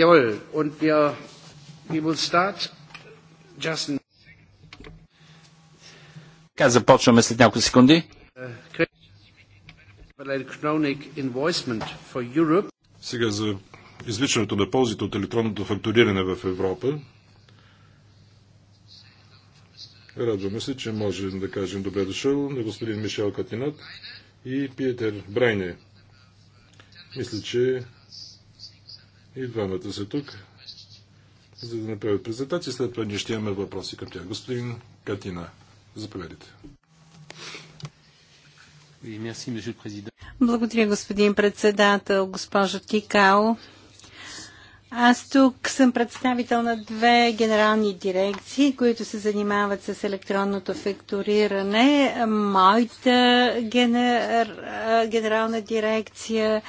Jawohl, und wir, we will start. Justin. Така, започваме след няколко секунди. Сега за извличането на ползите от електронното фактуриране в Европа. Радваме се, че може да кажем добре дошъл на господин Мишел Катинат и Пиетер Брайне. Мисля, че и двамата са тук, за да направят презентация. След това ние ще имаме въпроси към тях. Господин Катина, заповядайте. Благодаря, господин председател, госпожо Тикао. Аз тук съм представител на две генерални дирекции, които се занимават с електронното фекториране. Моята генер... генерална дирекция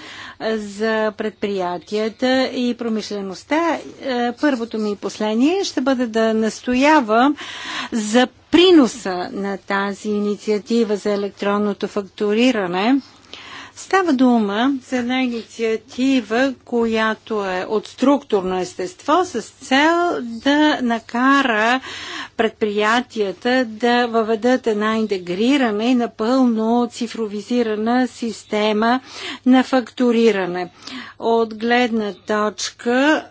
за предприятията и промишлеността. Е, първото ми послание ще бъде да настоявам за приноса на тази инициатива за електронното фактуриране Става дума за една инициатива, която е от структурно естество с цел да накара предприятията да въведат една интегрирана и напълно цифровизирана система на фактуриране. От гледна точка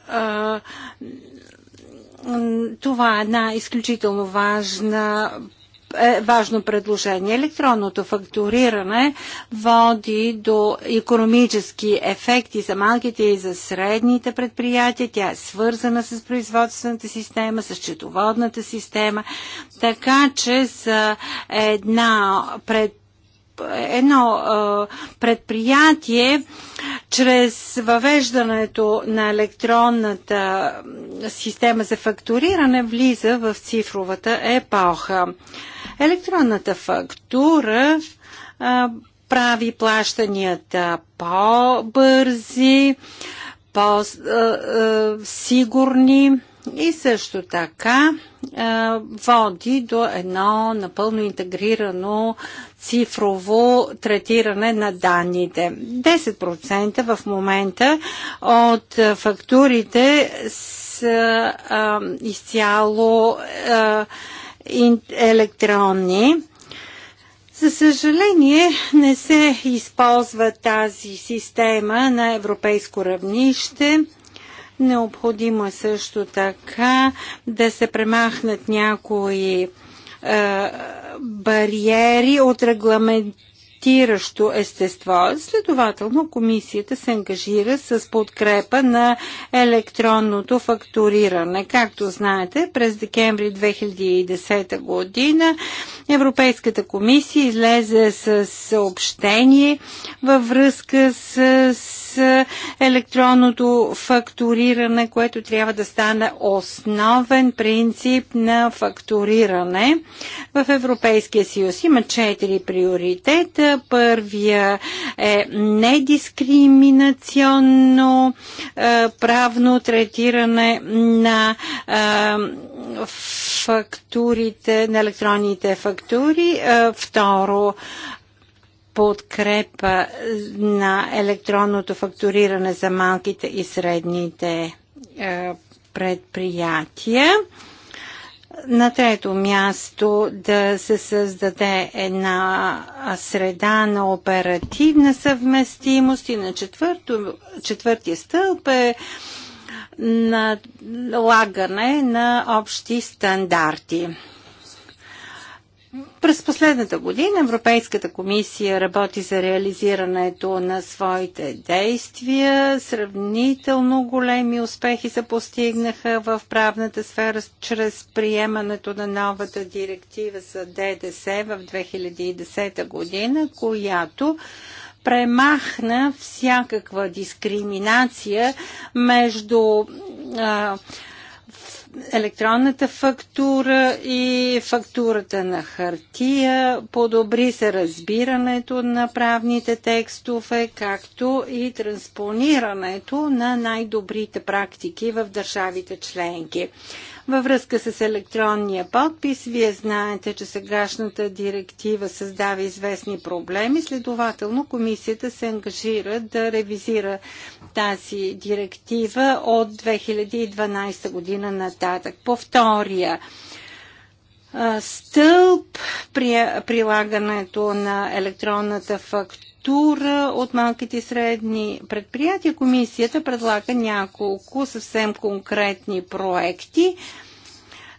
това е една изключително важна е важно предложение. Електронното фактуриране води до економически ефекти за малките и за средните предприятия. Тя е свързана с производствената система, с счетоводната система, така че за една пред едно предприятие чрез въвеждането на електронната система за фактуриране влиза в цифровата епоха. Електронната фактура а, прави плащанията по-бързи, по-сигурни и също така а, води до едно напълно интегрирано цифрово третиране на данните. 10% в момента от фактурите са а, изцяло а, електронни. За съжаление не се използва тази система на европейско равнище. Необходимо е също така да се премахнат някои бариери от регламент проектиращо естество. Следователно, комисията се ангажира с подкрепа на електронното фактуриране. Както знаете, през декември 2010 година Европейската комисия излезе с съобщение във връзка с, с електронното фактуриране, което трябва да стане основен принцип на фактуриране в Европейския съюз. Има четири приоритета. Първия е недискриминационно правно третиране на фактурите, на електронните фактури структури. Е, второ, подкрепа на електронното фактуриране за малките и средните е, предприятия. На трето място да се създаде една среда на оперативна съвместимост и на четвърто, четвъртия стълб е налагане на общи стандарти. През последната година Европейската комисия работи за реализирането на своите действия. Сравнително големи успехи се постигнаха в правната сфера чрез приемането на новата директива за ДДС в 2010 година, която премахна всякаква дискриминация между а, електронната фактура и фактурата на хартия. Подобри се разбирането на правните текстове, както и транспонирането на най-добрите практики в държавите членки. Във връзка с електронния подпис, вие знаете, че сегашната директива създава известни проблеми, следователно комисията се ангажира да ревизира тази директива от 2012 година нататък. По втория стълб при прилагането на електронната фактура, култура от малките и средни предприятия. Комисията предлага няколко съвсем конкретни проекти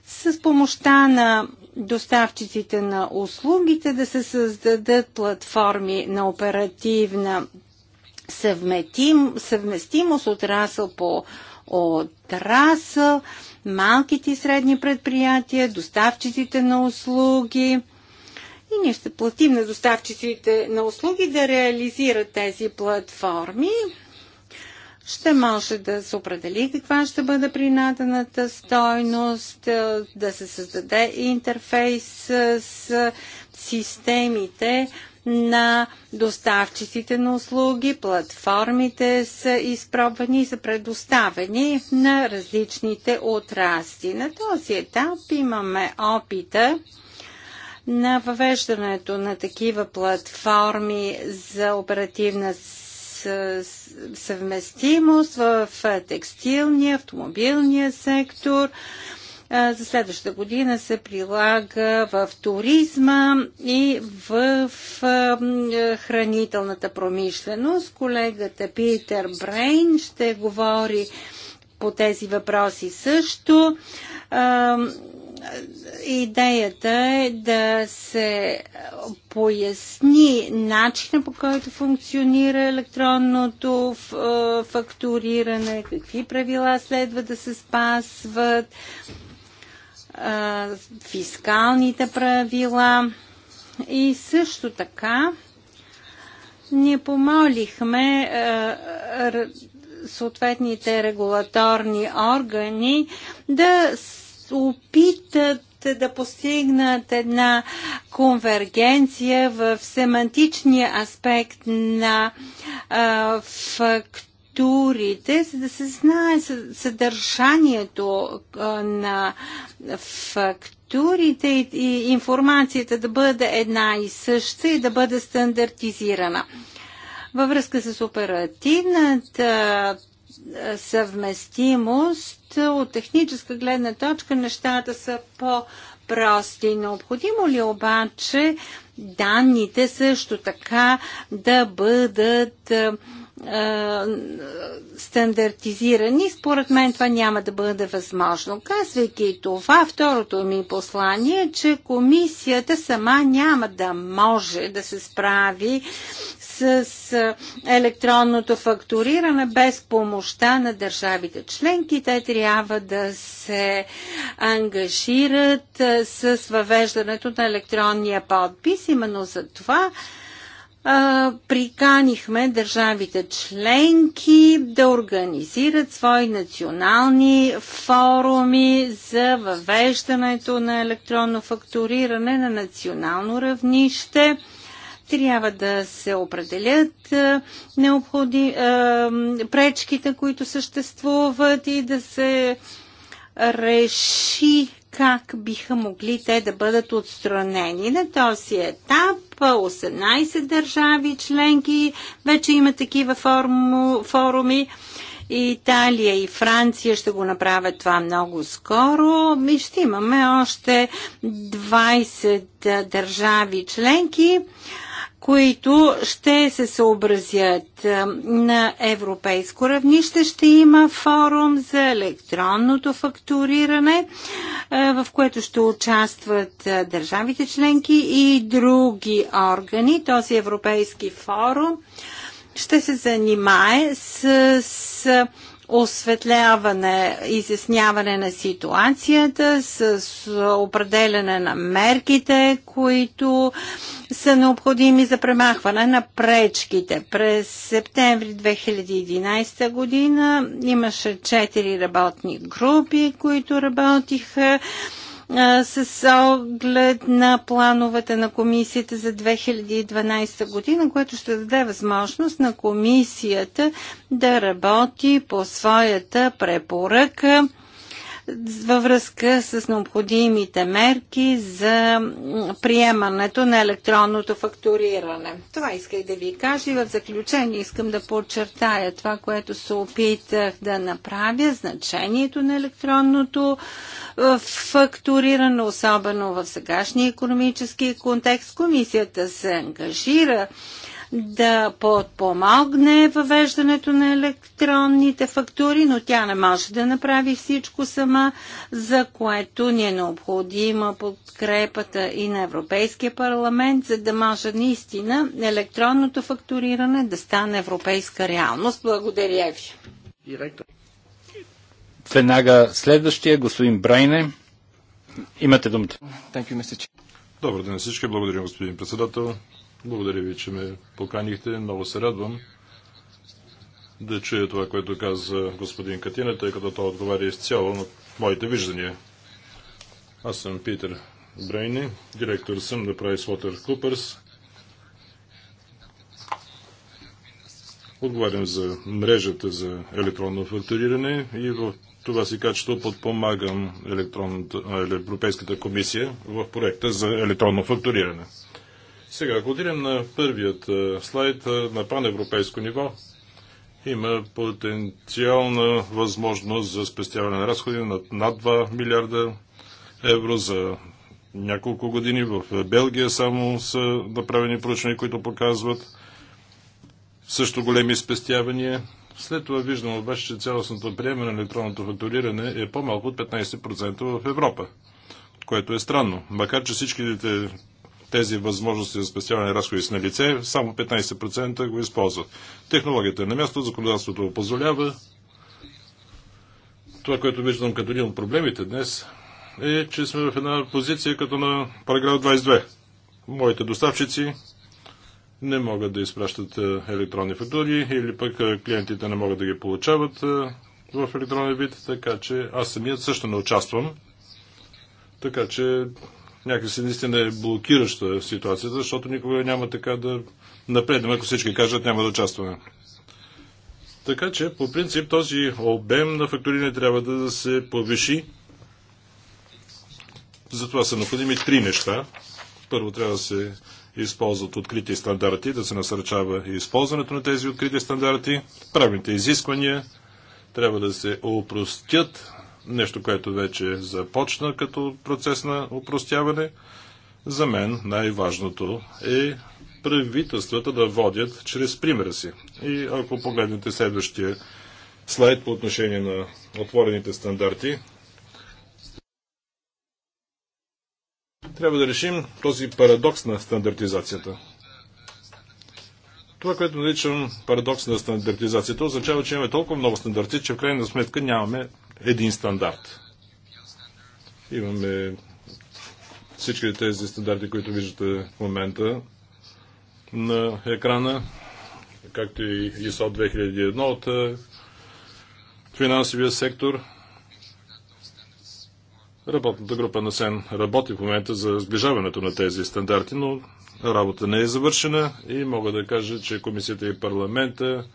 с помощта на доставчиците на услугите да се създадат платформи на оперативна съвместим, съвместимост отрасъл по отрасъл, малките и средни предприятия, доставчиците на услуги, и ние ще платим на доставчиците на услуги да реализират тези платформи. Ще може да се определи каква ще бъде принадената стойност, е, да се създаде интерфейс е, с системите, на доставчиците на услуги, платформите са изпробвани и са предоставени на различните отрасти. На този етап имаме опита на въвеждането на такива платформи за оперативна съвместимост в текстилния, автомобилния сектор. За следващата година се прилага в туризма и в хранителната промишленост. Колегата Питер Брейн ще говори по тези въпроси също идеята е да се поясни начина по който функционира електронното е, фактуриране, какви правила следва да се спазват, е, фискалните правила и също така ние помолихме е, съответните регулаторни органи да опитат да постигнат една конвергенция в семантичния аспект на а, фактурите, за да се знае съдържанието а, на фактурите и, и, информацията да бъде една и съща и да бъде стандартизирана. Във връзка с оперативната съвместимост, от техническа гледна точка нещата са по-прости. Необходимо ли обаче данните също така да бъдат стандартизирани. Според мен това няма да бъде възможно. Казвайки това, второто ми послание е, че комисията сама няма да може да се справи с електронното фактуриране без помощта на държавите членки. Те трябва да се ангажират с въвеждането на електронния подпис. Именно за това приканихме държавите членки да организират свои национални форуми за въвеждането на електронно фактуриране на национално равнище. Трябва да се определят е, необходи, е, пречките, които съществуват и да се реши как биха могли те да бъдат отстранени. На този етап 18 е, държави членки вече има такива форуми. Италия и Франция ще го направят това много скоро. И ще имаме още 20 държави членки които ще се съобразят на европейско равнище. Ще има форум за електронното фактуриране, в което ще участват държавите членки и други органи. Този европейски форум ще се занимае с, с осветляване, изясняване на ситуацията, с определене на мерките, които са необходими за премахване на пречките. През септември 2011 година имаше четири работни групи, които работиха с оглед на плановете на комисията за 2012 година, което ще даде възможност на комисията да работи по своята препоръка във връзка с необходимите мерки за приемането на електронното фактуриране. Това исках да ви кажа и в заключение искам да подчертая това, което се опитах да направя, значението на електронното фактуриране, особено в сегашния економически контекст. Комисията се ангажира да подпомогне въвеждането на електронните фактури, но тя не може да направи всичко сама, за което ни е необходима подкрепата и на Европейския парламент, за да може наистина електронното фактуриране да стане европейска реалност. Благодаря ви. Директор. Веднага следващия, господин Брайне. Имате думата. Добър ден всички. Благодаря, господин председател. Благодаря ви, че ме поканихте. Много се радвам да чуя това, което каза господин Катина, тъй като той отговаря изцяло на моите виждания. Аз съм Питер Брейни, директор съм на PricewaterCoopers. Отговарям за мрежата за електронно фактуриране и в това си качество подпомагам Европейската комисия в проекта за електронно фактуриране. Сега, ако отидем на първият слайд на паневропейско ниво, има потенциална възможност за спестяване на разходи на над 2 милиарда евро за няколко години. В Белгия само са направени проучвания, които показват също големи спестявания. След това виждам обаче, че цялостното приемане на електронното фактуриране е по-малко от 15% в Европа, което е странно. Макар, че всичките тези възможности за спестяване разходи с на лице, само 15% го използват. Технологията е на място, законодателството го позволява. Това, което виждам като един от проблемите днес, е, че сме в една позиция като на параграф 22. Моите доставчици не могат да изпращат е, електронни фактури или пък е, клиентите не могат да ги получават е, в електронен вид, така че аз самият също не участвам. Така че някакси наистина е блокираща е ситуацията, защото никога няма така да напреднем, ако всички кажат няма да участваме. Така че, по принцип, този обем на факториране трябва да се повиши. Затова са необходими три неща. Първо трябва да се използват открити стандарти, да се насърчава и използването на тези открити стандарти, правните изисквания трябва да се опростят нещо, което вече започна като процес на упростяване. За мен най-важното е правителствата да водят чрез примера си. И ако погледнете следващия слайд по отношение на отворените стандарти, трябва да решим този парадокс на стандартизацията. Това, което наричам парадокс на стандартизацията, означава, че имаме толкова много стандарти, че в крайна сметка нямаме един стандарт. Имаме всички тези стандарти, които виждате в момента на екрана, както и ISO 2001 от е, финансовия сектор. Работната група на СЕН работи в момента за сближаването на тези стандарти, но работа не е завършена и мога да кажа, че комисията и парламента,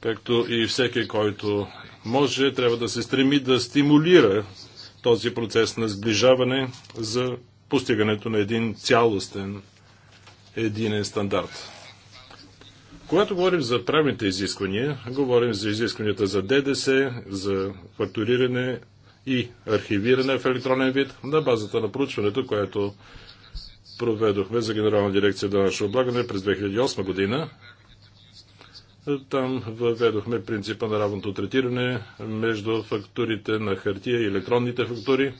както и всеки, който може, трябва да се стреми да стимулира този процес на сближаване за постигането на един цялостен единен стандарт. Когато говорим за правните изисквания, говорим за изискванията за ДДС, за фактуриране и архивиране в електронен вид на базата на проучването, което проведохме за Генерална дирекция Данашо облагане през 2008 година. Там въведохме принципа на равното третиране между фактурите на хартия и електронните фактури,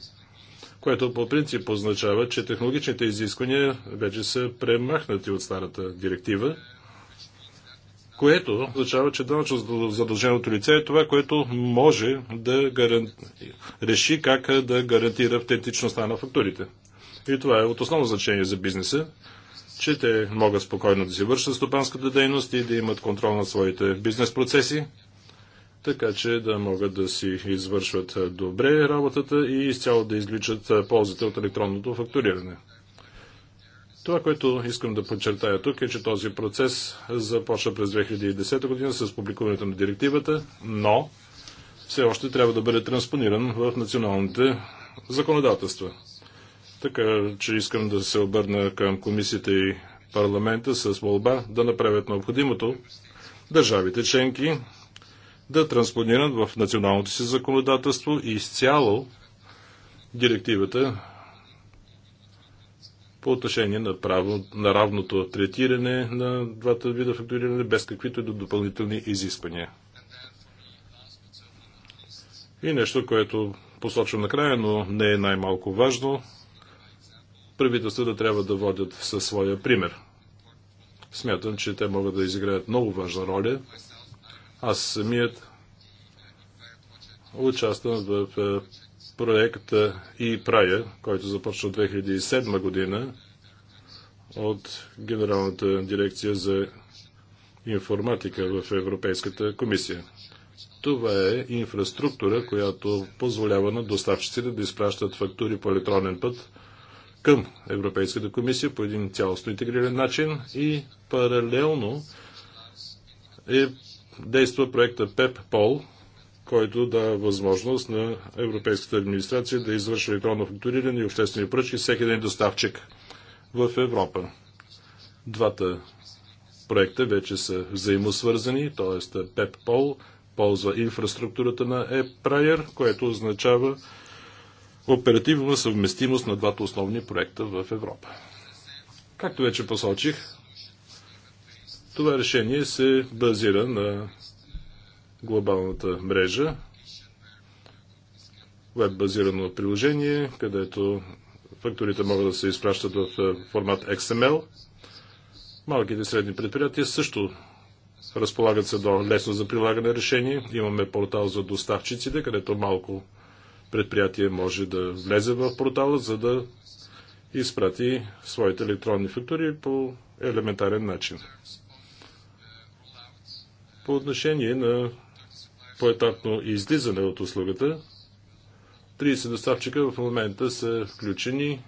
което по принцип означава, че технологичните изисквания вече са премахнати от старата директива, което означава, че данъчно задълженото лице е това, което може да гаран... реши как да гарантира автентичността на фактурите. И това е от основно значение за бизнеса, че те могат спокойно да си вършат стопанската дейност и да имат контрол на своите бизнес процеси, така че да могат да си извършват добре работата и изцяло да изличат ползите от електронното фактуриране. Това, което искам да подчертая тук е, че този процес започва през 2010 година с публикуването на директивата, но все още трябва да бъде транспониран в националните законодателства. Така че искам да се обърна към комисията и парламента с молба да направят необходимото държавите членки да транспонират в националното си законодателство и изцяло директивата по отношение на, право, на равното третиране на двата вида фактуриране без каквито и допълнителни изисквания. И нещо, което посочвам накрая, но не е най-малко важно – правителствата трябва да водят със своя пример. Смятам, че те могат да изиграят много важна роля. Аз самият участвам в е, проекта и прая, който започна 2007 година от Генералната дирекция за информатика в Европейската комисия. Това е инфраструктура, която позволява на доставчиците да изпращат фактури по електронен път към Европейската комисия по един цялостно интегриран начин и паралелно е действа проекта ПЕП-ПОЛ, който дава възможност на Европейската администрация да извършва електронно фактуриране и обществени поръчки всеки ден доставчик в Европа. Двата проекта вече са взаимосвързани, т.е. ПЕП-ПОЛ ползва инфраструктурата на EPRIER, което означава, оперативна съвместимост на двата основни проекта в Европа. Както вече посочих, това решение се базира на глобалната мрежа, веб-базирано приложение, където фактурите могат да се изпращат в е, формат XML. Малките и средни предприятия също разполагат се до лесно за прилагане решение. Имаме портал за доставчиците, където малко предприятие може да влезе в портала, за да изпрати своите електронни фактури по елементарен начин. По отношение на поетапно излизане от услугата, 30 доставчика в момента са включени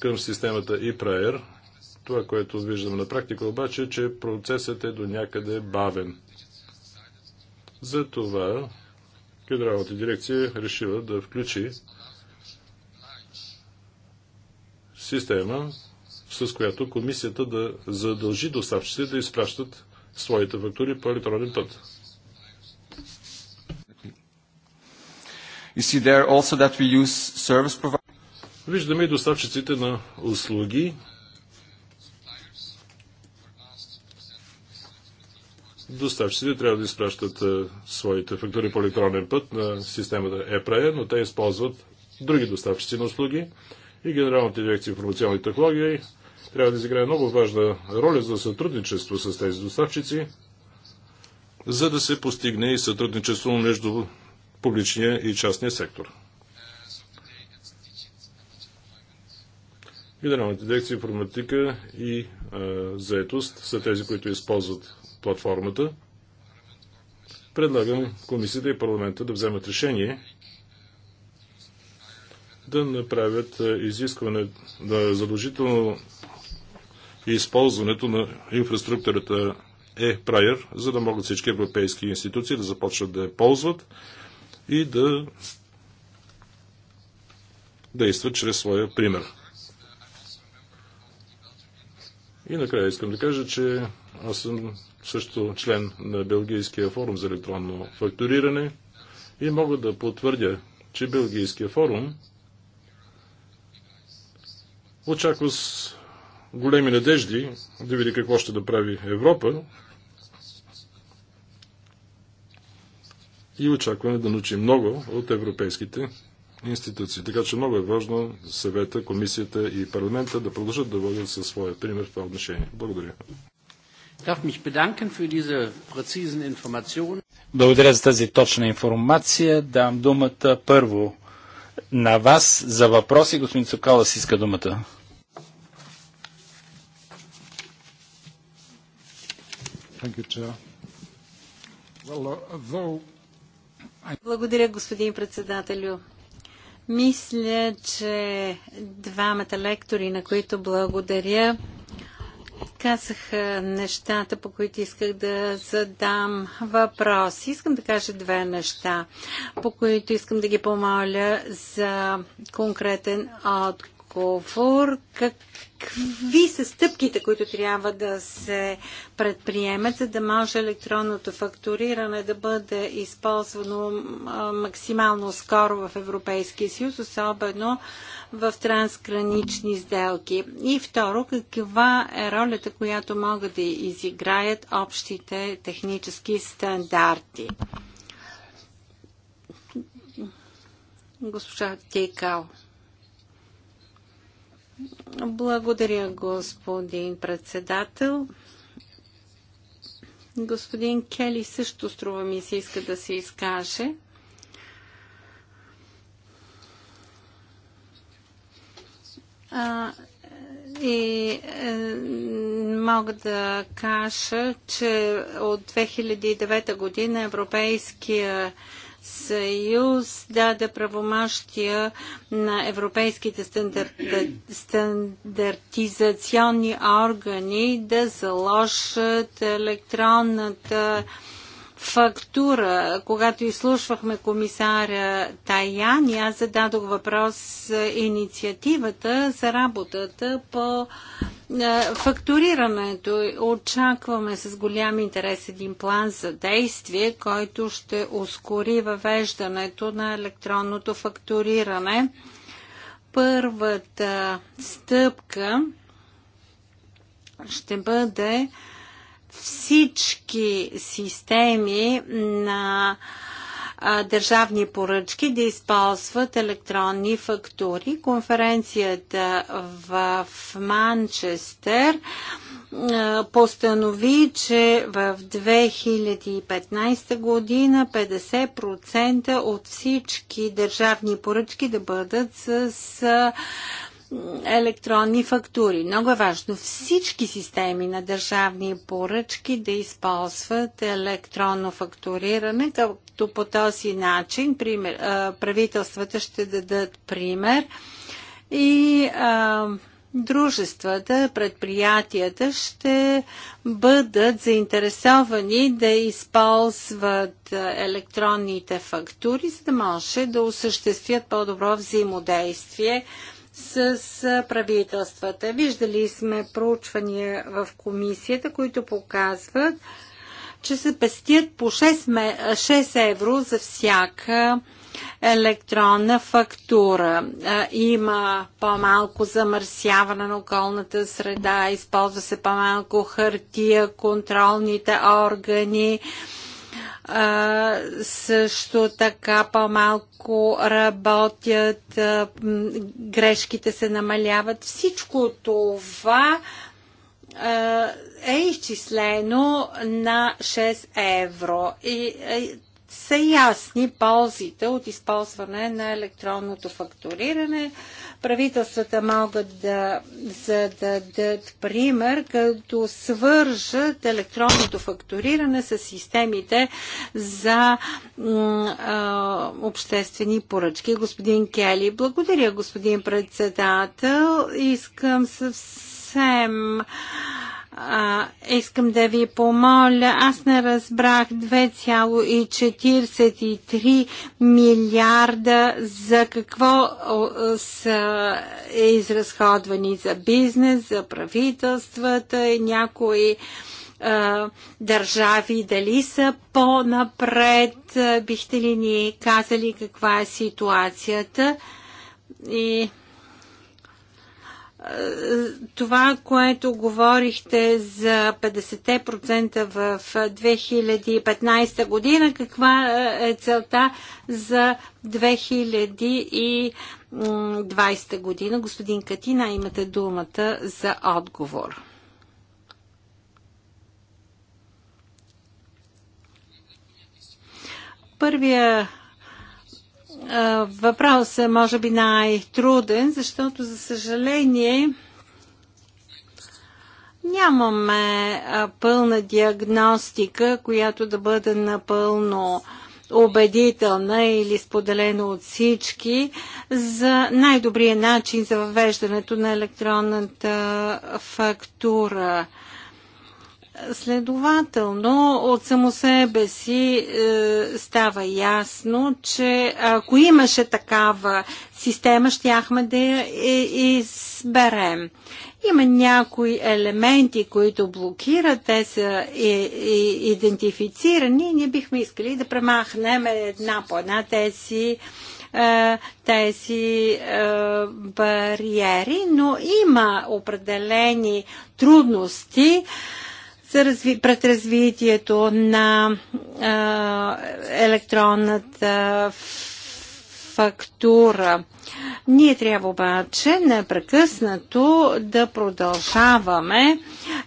към системата ePrayer. Това, което виждаме на практика обаче, е, че процесът е до някъде бавен. Затова Генералната дирекция решила да включи система, с която комисията да задължи доставчиците да изпращат своите фактури по електронен път. Виждаме и доставчиците на услуги, Доставчиците трябва да изпращат е, своите фактури по електронен път на системата ЕПРАЕ, но те използват други доставчици на услуги и Генералната дирекция информационни технологии трябва да изиграе много важна роля за сътрудничество с тези доставчици, за да се постигне и сътрудничество между публичния и частния сектор. Генералните дирекции информатика и а, е, заетост са тези, които използват платформата, предлагам комисията и парламента да вземат решение да направят изискване на задължително използването на инфраструктурата e-prior, е за да могат всички европейски институции да започнат да я ползват и да действат чрез своя пример. И накрая искам да кажа, че аз съм също член на Белгийския форум за електронно фактуриране и мога да потвърдя, че Белгийския форум очаква с големи надежди да види какво ще направи прави Европа и очакваме да научим много от европейските институции. Така че много е важно съвета, комисията и парламента да продължат да водят със своя пример в това отношение. Благодаря. Благодаря за тази точна информация. Дам думата първо на вас за въпроси. Господин си иска думата. Uh, благодаря, господин председателю. Мисля, че двамата лектори, на които благодаря, казах нещата, по които исках да задам въпрос. Искам да кажа две неща, по които искам да ги помоля за конкретен отговор. Как, какви са стъпките, които трябва да се предприемат, за да може електронното фактуриране да бъде използвано максимално скоро в Европейския съюз, особено в трансгранични сделки? И второ, каква е ролята, която могат да изиграят общите технически стандарти? Госпожа Тейкал. Благодаря, господин председател. Господин Кели също струва ми се иска да се изкаже. А, и е, мога да кажа, че от 2009 година Европейския съюз даде правомащия на европейските стандартизационни органи да заложат електронната фактура. Когато изслушвахме комисаря Таяни, аз зададох въпрос инициативата за работата по е, фактурирането. Очакваме с голям интерес един план за действие, който ще ускори въвеждането на електронното фактуриране. Първата стъпка ще бъде всички системи на държавни поръчки да използват електронни фактури. Конференцията в Манчестър постанови, че в 2015 година 50% от всички държавни поръчки да бъдат с електронни фактури. Много е важно всички системи на държавни поръчки да използват електронно фактуриране, като по този начин пример, правителствата ще дадат пример и а, дружествата, предприятията ще бъдат заинтересовани да използват електронните фактури, за да може да осъществят по-добро взаимодействие с правителствата. Виждали сме проучвания в комисията, които показват, че се пестят по 6, 6 евро за всяка електронна фактура. Има по-малко замърсяване на околната среда, използва се по-малко хартия, контролните органи а, също така по-малко работят, а, грешките се намаляват. Всичко това а, е изчислено на 6 евро. И, и е, са ясни ползите от използване на електронното фактуриране. Правителствата могат да зададат пример, като свържат електронното фактуриране с системите за обществени поръчки. Господин Кели, благодаря, господин председател. Искам съвсем а, искам да ви помоля, аз не разбрах 2,43 милиарда за какво са изразходвани за бизнес, за правителствата и някои а, държави, дали са по-напред, бихте ли ни казали каква е ситуацията и това, което говорихте за 50% в 2015 година, каква е, е целта за 2020 година? Господин Катина, имате думата за отговор. Първия въпрос е може би най-труден, защото за съжаление нямаме пълна диагностика, която да бъде напълно убедителна или споделена от всички за най-добрия начин за въвеждането на електронната фактура. Следователно, от само себе си е, става ясно, че ако имаше такава система, щяхме да я изберем. Има някои елементи, които блокират, те са и, и, идентифицирани и ние бихме искали да премахнем една по една тези е, тези е, бариери, но има определени трудности. Е, за разви... пред развитието на а, електронната фактура. Ние трябва обаче непрекъснато да продължаваме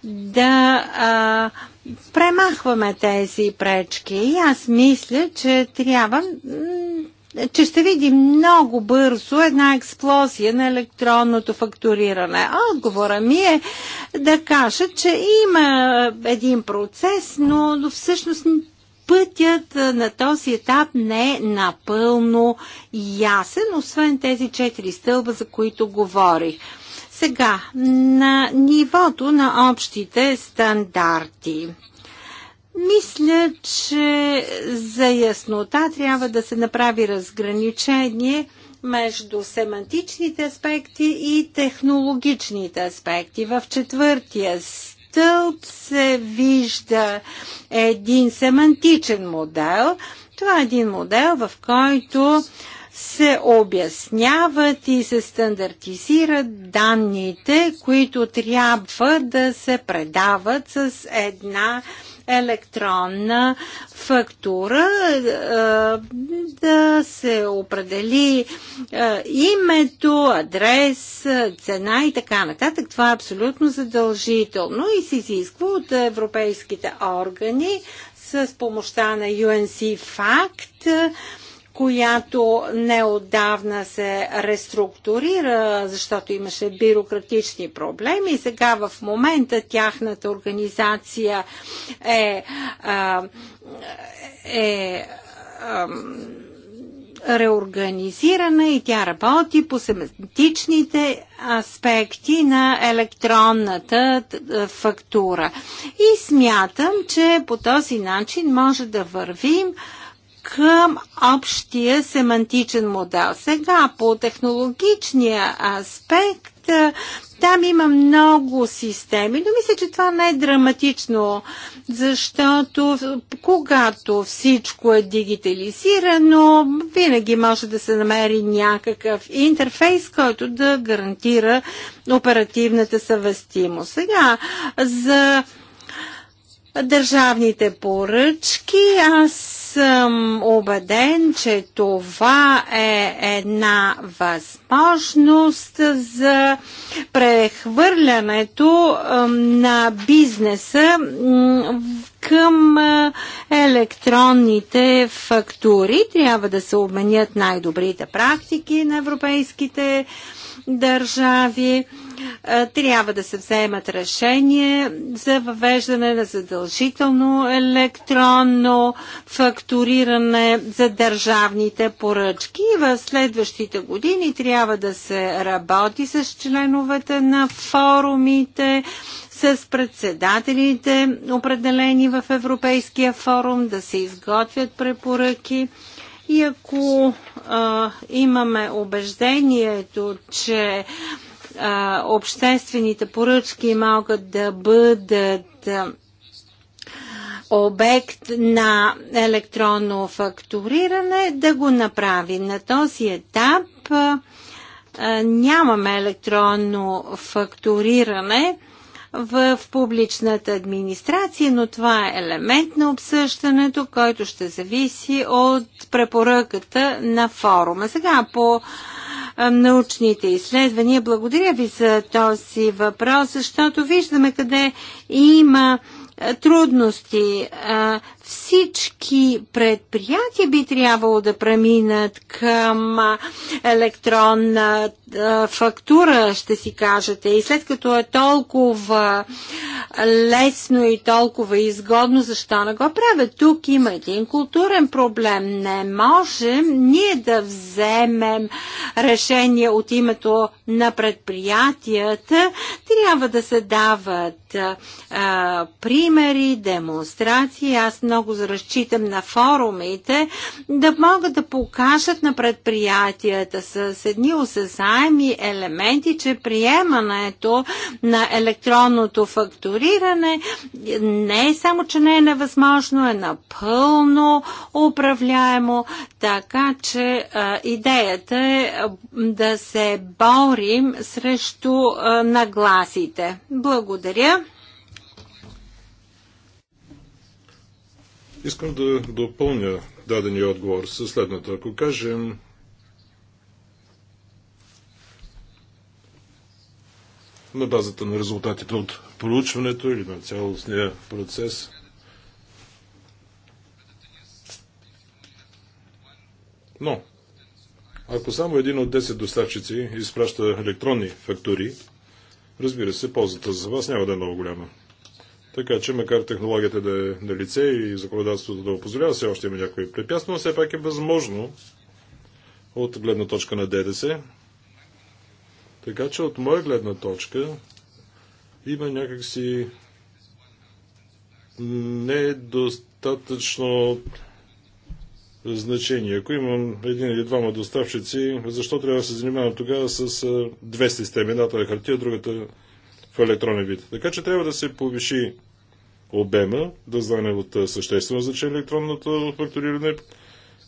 да а, премахваме тези пречки. И аз мисля, че трябва че ще види много бързо една експлозия на електронното фактуриране. отговора ми е да кажа, че има един процес, но всъщност пътят на този етап не е напълно ясен, освен тези четири стълба, за които говорих. Сега, на нивото на общите стандарти. Мисля, че за яснота трябва да се направи разграничение между семантичните аспекти и технологичните аспекти. В четвъртия стълб се вижда един семантичен модел. Това е един модел, в който се обясняват и се стандартизират данните, които трябва да се предават с една електронна фактура, е, да се определи е, името, адрес, цена и така нататък. Това е абсолютно задължително и се изисква от европейските органи с помощта на UNC Fact която неодавна се реструктурира, защото имаше бюрократични проблеми сега в момента тяхната организация е, е, а, реорганизирана и тя работи по семантичните аспекти на електронната фактура. И смятам, че по този начин може да вървим към общия семантичен модел. Сега по технологичния аспект там има много системи, но мисля, че това не е драматично, защото когато всичко е дигитализирано, винаги може да се намери някакъв интерфейс, който да гарантира оперативната съвестимост. Сега за държавните поръчки аз съм убеден, че това е една възможност за прехвърлянето на бизнеса към електронните фактури. Трябва да се обменят най-добрите практики на европейските държави е, трябва да се вземат решения за въвеждане на задължително електронно фактуриране за държавните поръчки. В следващите години трябва да се работи с членовете на форумите, с председателите, определени в Европейския форум, да се изготвят препоръки. И ако а, имаме убеждението, че а, обществените поръчки могат да бъдат обект на електронно фактуриране, да го направим. На този етап а, нямаме електронно фактуриране в публичната администрация, но това е елемент на обсъждането, който ще зависи от препоръката на форума. Сега по научните изследвания. Благодаря ви за този въпрос, защото виждаме къде има трудности всички предприятия би трябвало да преминат към електронна фактура, ще си кажете. И след като е толкова лесно и толкова изгодно, защо не го правят? Тук има един културен проблем. Не можем ние да вземем решение от името на предприятията. Трябва да се дават а, примери, демонстрации. Аз много много разчитам на форумите, да могат да покажат на предприятията с едни осезаеми елементи, че приемането на електронното фактуриране не е само, че не е невъзможно, е напълно управляемо, така че идеята е да се борим срещу нагласите. Благодаря. Искам да допълня дадения отговор със следното. Ако кажем, на базата на резултатите от проучването или на цялостния процес, но ако само един от 10 доставчици изпраща електронни фактури, разбира се, ползата за вас няма да е много голяма. Така че, макар технологията да е на лице и законодателството да го позволява, все още има някои препятствия, но все пак е възможно от гледна точка на ДДС. Така че от моя гледна точка има някакси недостатъчно значение. Ако имам един или двама доставчици, защо трябва да се занимавам тогава с две системи? Едната е хартия, другата в електронен вид. Така че трябва да се повиши обема, да знае от съществено значение електронното фактуриране.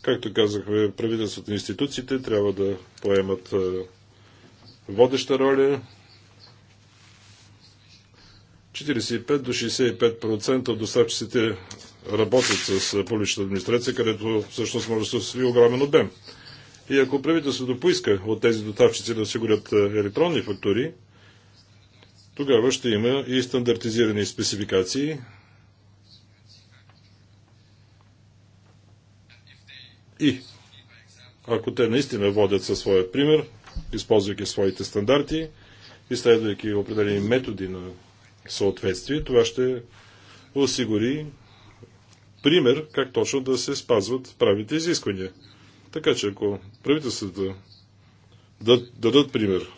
Както казахме, правителството и институциите трябва да поемат водеща роля. 45 до 65% от доставчиците работят с публичната администрация, където всъщност може да се осъществи огромен обем. И ако правителството поиска от тези доставчици да осигурят електронни фактури, тогава ще има и стандартизирани спецификации. И ако те наистина водят със своя пример, използвайки своите стандарти и следвайки определени методи на съответствие, това ще осигури пример как точно да се спазват правите изисквания. Така че ако правителствата дадат пример,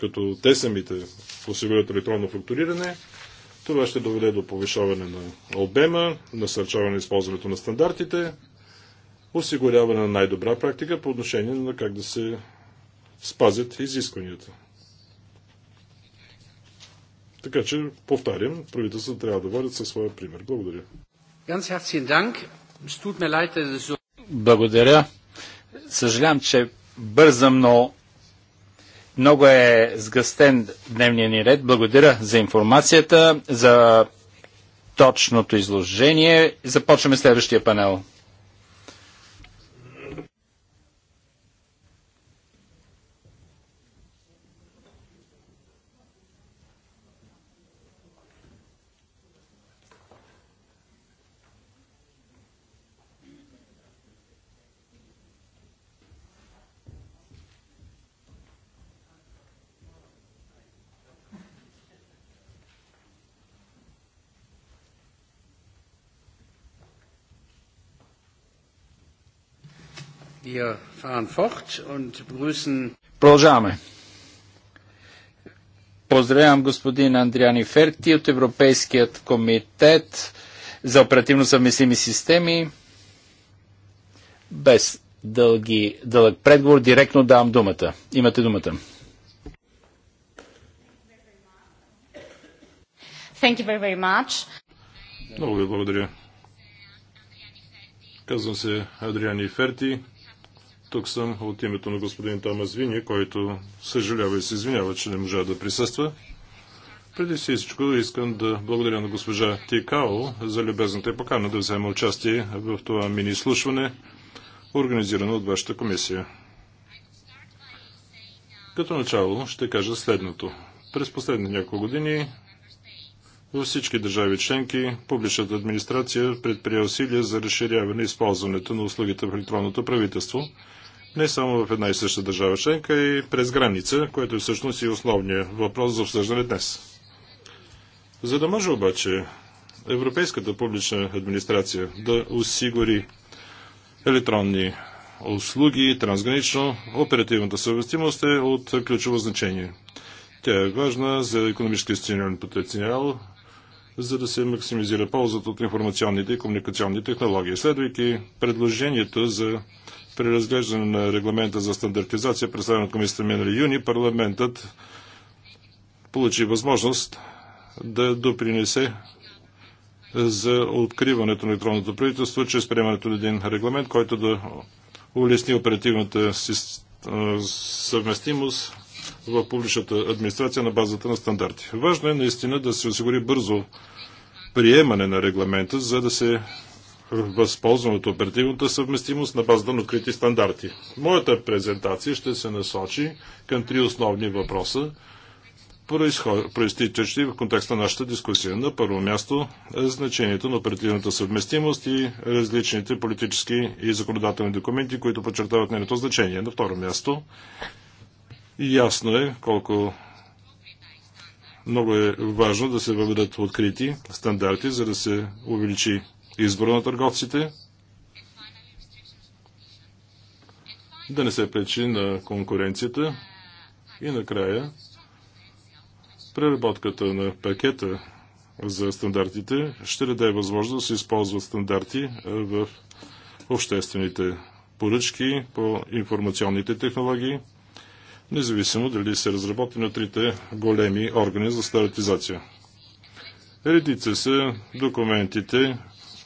като те самите осигурят електронно фактуриране. Това ще доведе до повишаване на обема, насърчаване на използването на стандартите, осигуряване на най-добра практика по отношение на как да се спазят изискванията. Така че, повтарям, правителството трябва да водят със своя пример. Благодаря. Благодаря. Съжалявам, че бързам, но много е сгъстен дневния ни ред. Благодаря за информацията, за точното изложение. Започваме следващия панел. Продължаваме. Поздравявам господин Андриани Ферти от Европейският комитет за оперативно съвместими системи. Без дълги, дълъг предговор, директно давам думата. Имате думата. Thank you very, very much. Много ви благодаря. Казвам се Адриани Ферти. Тук съм от името на господин Томас Вини, който съжалява и се извинява, че не можа да присъства. Преди всичко искам да благодаря на госпожа Тикао за любезната покана да взема участие в това мини-слушване, организирано от вашата комисия. Като начало ще кажа следното. През последните няколко години във всички държави членки публичната администрация предприя усилия за разширяване използването на услугите в електронното правителство – не само в една и съща държава членка, и през граница, което е всъщност и основният въпрос за обсъждане днес. За да може обаче Европейската публична администрация да осигури електронни услуги трансгранично, оперативната съвместимост е от ключово значение. Тя е важна за економически стимулен потенциал, за да се максимизира ползата от информационните и комуникационни технологии. Следвайки предложението за при разглеждане на регламента за стандартизация, представен от комисията минали юни, парламентът получи възможност да допринесе за откриването на електронното правителство чрез приемането на един регламент, който да улесни оперативната съвместимост в публичната администрация на базата на стандарти. Важно е наистина да се осигури бързо приемане на регламента, за да се възползвам от оперативната съвместимост на базата на открити стандарти. Моята презентация ще се насочи към три основни въпроса, проистичащи в контекста на нашата дискусия. На първо място значението на оперативната съвместимост и различните политически и законодателни документи, които подчертават нейното значение. На второ място ясно е колко много е важно да се въведат открити стандарти, за да се увеличи избор на търговците, да не се пречи на конкуренцията и накрая преработката на пакета за стандартите ще даде възможност да се използват стандарти в обществените поръчки по информационните технологии, независимо дали се разработи на трите големи органи за стандартизация. Редица са документите,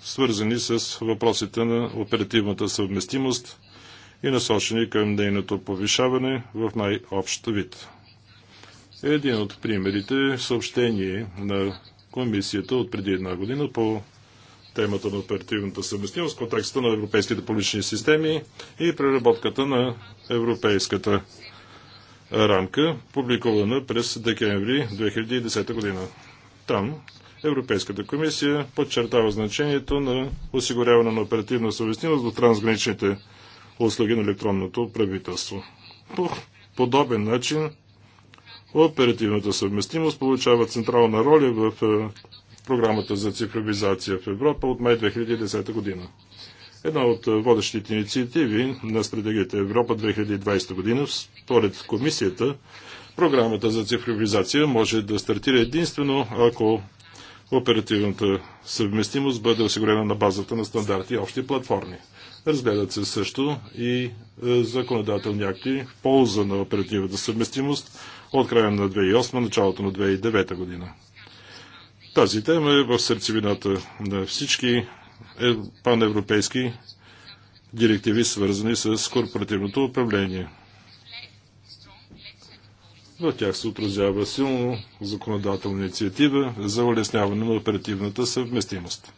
свързани с въпросите на оперативната съвместимост и насочени към нейното повишаване в най-общ вид. Един от примерите е съобщение на комисията от преди една година по темата на оперативната съвместимост в контекста на европейските публични системи и преработката на европейската рамка, публикувана през декември 2010 година. Там Европейската комисия подчертава значението на осигуряване на оперативна съвестимост до трансграничните услуги на електронното правителство. По подобен начин оперативната съвместимост получава централна роля в е, програмата за цифровизация в Европа от май 2010 година. Една от е, водещите инициативи на стратегията Европа 2020 година, според комисията, програмата за цифровизация може да стартира единствено, ако Оперативната съвместимост бъде осигурена на базата на стандарти и общи платформи. Разгледат се също и е, законодателни акти в полза на оперативната съвместимост от края на 2008, началото на 2009 година. Тази тема е в сърцевината на всички е, паневропейски директиви, свързани с корпоративното управление. В тях се отразява силно законодателна инициатива за улесняване на оперативната съвместимост.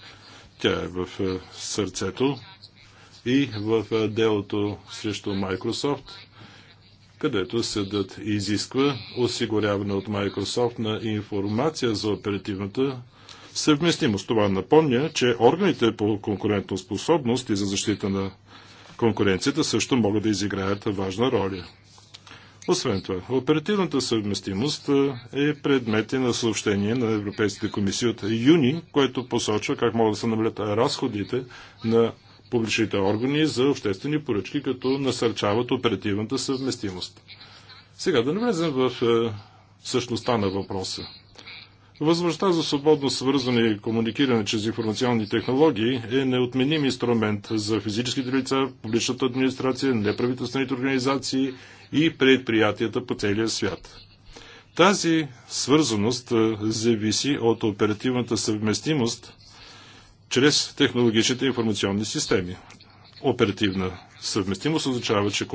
Тя е в е, сърцето и в е, делото срещу Microsoft, където съдът изисква осигуряване от Microsoft на информация за оперативната съвместимост. Това напомня, че органите по конкурентоспособност и за защита на конкуренцията също могат да изиграят важна роля. Освен това, оперативната съвместимост е предмети на съобщение на Европейската комисия от юни, което посочва как могат да се намалят разходите на публичните органи за обществени поръчки, като насърчават оперативната съвместимост. Сега да навлезем в същността на въпроса. Възможността за свободно свързване и комуникиране чрез информационни технологии е неотменим инструмент за физическите лица, публичната администрация, неправителствените организации и предприятията по целия свят. Тази свързаност зависи от оперативната съвместимост чрез технологичните информационни системи. Оперативна Съвместимост означава, че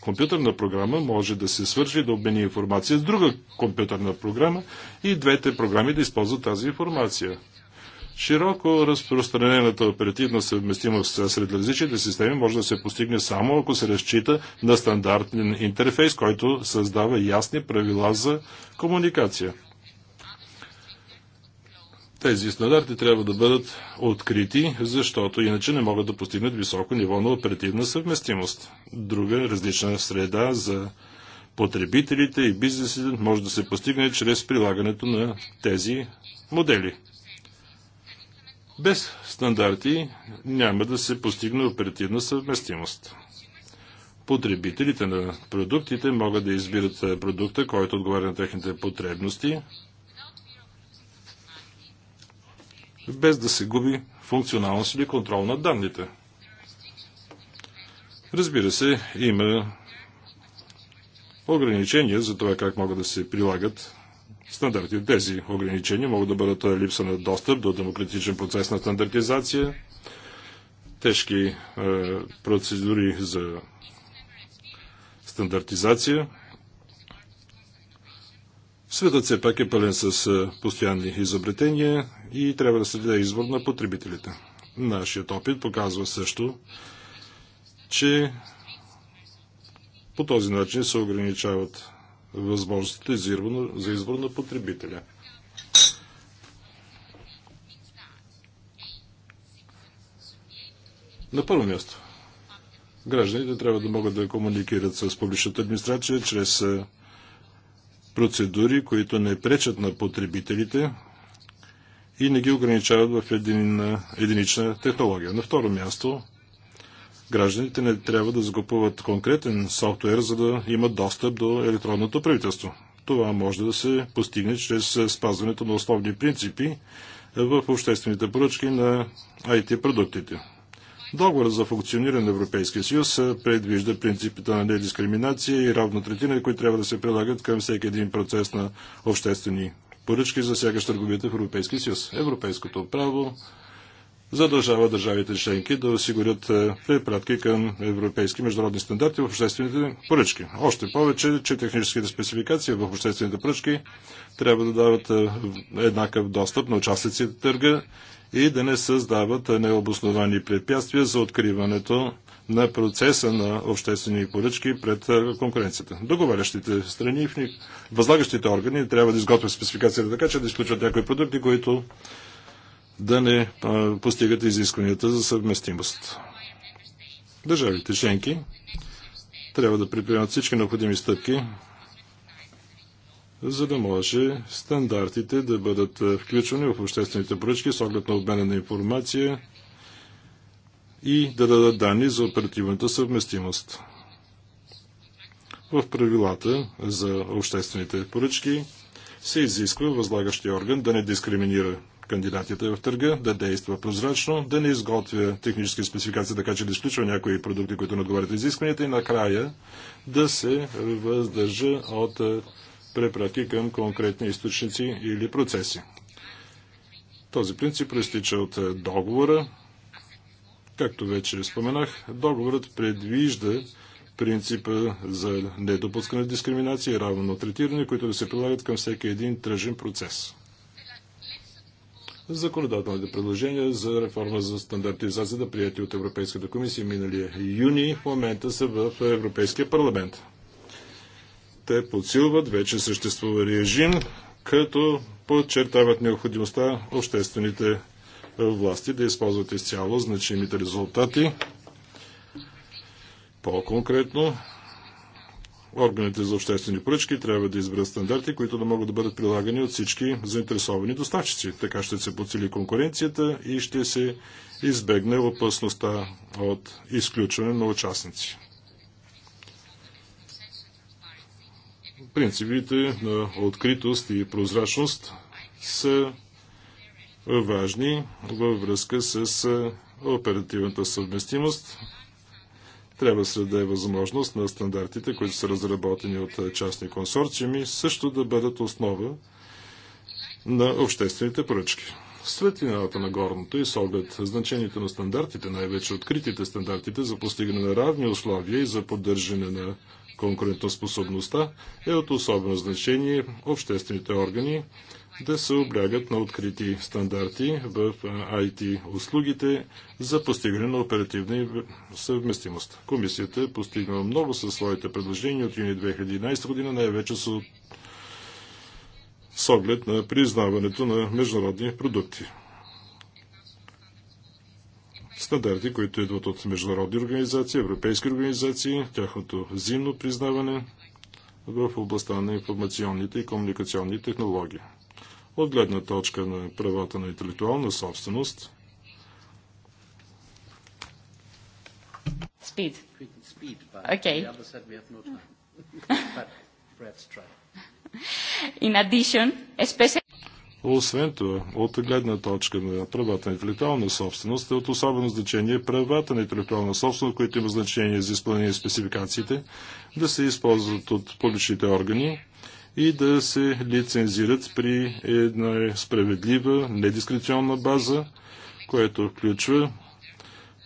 компютърна програма може да се свържи да обмени информация с друга компютърна програма и двете програми да използват тази информация. Широко разпространената оперативна съвместимост сред различните системи може да се постигне само ако се разчита на стандартен интерфейс, който създава ясни правила за комуникация. Тези стандарти трябва да бъдат открити, защото иначе не могат да постигнат високо ниво на оперативна съвместимост. Друга различна среда за потребителите и бизнесите може да се постигне чрез прилагането на тези модели. Без стандарти няма да се постигне оперативна съвместимост. Потребителите на продуктите могат да избират продукта, който отговаря на техните потребности, без да се губи функционалност или контрол на данните. Разбира се, има ограничения за това как могат да се прилагат стандарти. Тези ограничения могат да бъдат липса на достъп до демократичен процес на стандартизация, тежки е, процедури за стандартизация, Светът все пак е пълен с е, постоянни изобретения и трябва да се даде избор на потребителите. Нашият опит показва също, че по този начин се ограничават възможностите за избор на потребителя. На първо място, гражданите трябва да могат да комуникират с публичната администрация чрез е, процедури, които не пречат на потребителите и не ги ограничават в един, единична технология. На второ място, гражданите не трябва да закупуват конкретен софтуер, за да имат достъп до електронното правителство. Това може да се постигне чрез спазването на основни принципи в обществените поръчки на IT продуктите. Договорът за функциониране на Европейския съюз предвижда принципите на недискриминация и равно третина, които трябва да се прилагат към всеки един процес на обществени поръчки, засягащ търговията в Европейския съюз. Европейското право задължава държавите членки да осигурят препратки към европейски международни стандарти в обществените поръчки. Още повече, че техническите спецификации в обществените поръчки трябва да дават еднакъв достъп на участниците в търга и да не създават необосновани препятствия за откриването на процеса на обществени поръчки пред конкуренцията. Договарящите страни, възлагащите органи трябва да изготвят спецификацията така, че да изключват някои продукти, които да не постигат изискванията за съвместимост. Държавите членки трябва да предприемат всички необходими стъпки за да може стандартите да бъдат е, включвани в обществените поръчки с оглед на обмена на информация и да дадат данни за оперативната съвместимост. В правилата за обществените поръчки се изисква възлагащия орган да не дискриминира кандидатите в търга, да действа прозрачно, да не изготвя технически спецификации, така че да изключва някои продукти, които не отговарят изискванията и накрая да се въздържа от е, препрати към конкретни източници или процеси. Този принцип проистича от е, договора. Както вече споменах, договорът предвижда принципа за недопускане дискриминация и равно третиране, които да се прилагат към всеки един тръжен процес. Законодателните предложения за реформа за стандартизацията, прияти от Европейската комисия миналия юни, в момента са в Европейския парламент те подсилват вече съществува режим, като подчертават необходимостта обществените е, власти да използват изцяло значимите резултати. По-конкретно, органите за обществени поръчки трябва да изберат стандарти, които да могат да бъдат прилагани от всички заинтересовани доставчици. Така ще се подсили конкуренцията и ще се избегне опасността от изключване на участници. принципите на откритост и прозрачност са важни във връзка с оперативната съвместимост. Трябва се да е възможност на стандартите, които са разработени от частни консорциуми, също да бъдат основа на обществените поръчки. Светлината на горното и с оглед значението на стандартите, най-вече откритите стандартите за постигане на равни условия и за поддържане на конкурентоспособността е от особено значение обществените органи да се облягат на открити стандарти в IT услугите за постигане на оперативна съвместимост. Комисията е постигнала много със своите предложения от юни 2011 година, най-вече с, с оглед на признаването на международни продукти стандарти, които идват от международни организации, европейски организации, тяхното взаимно признаване в областта на информационните и комуникационни технологии. От гледна точка на правата на интелектуална собственост, Speed. Speed, but okay. the other said we have no time. but try. In addition, especially освен това, от гледна точка на правата на интелектуална собственост е от особено значение правата на интелектуална собственост, които има значение за изпълнение спецификациите, да се използват от публичните органи и да се лицензират при една справедлива, недискреционна база, което включва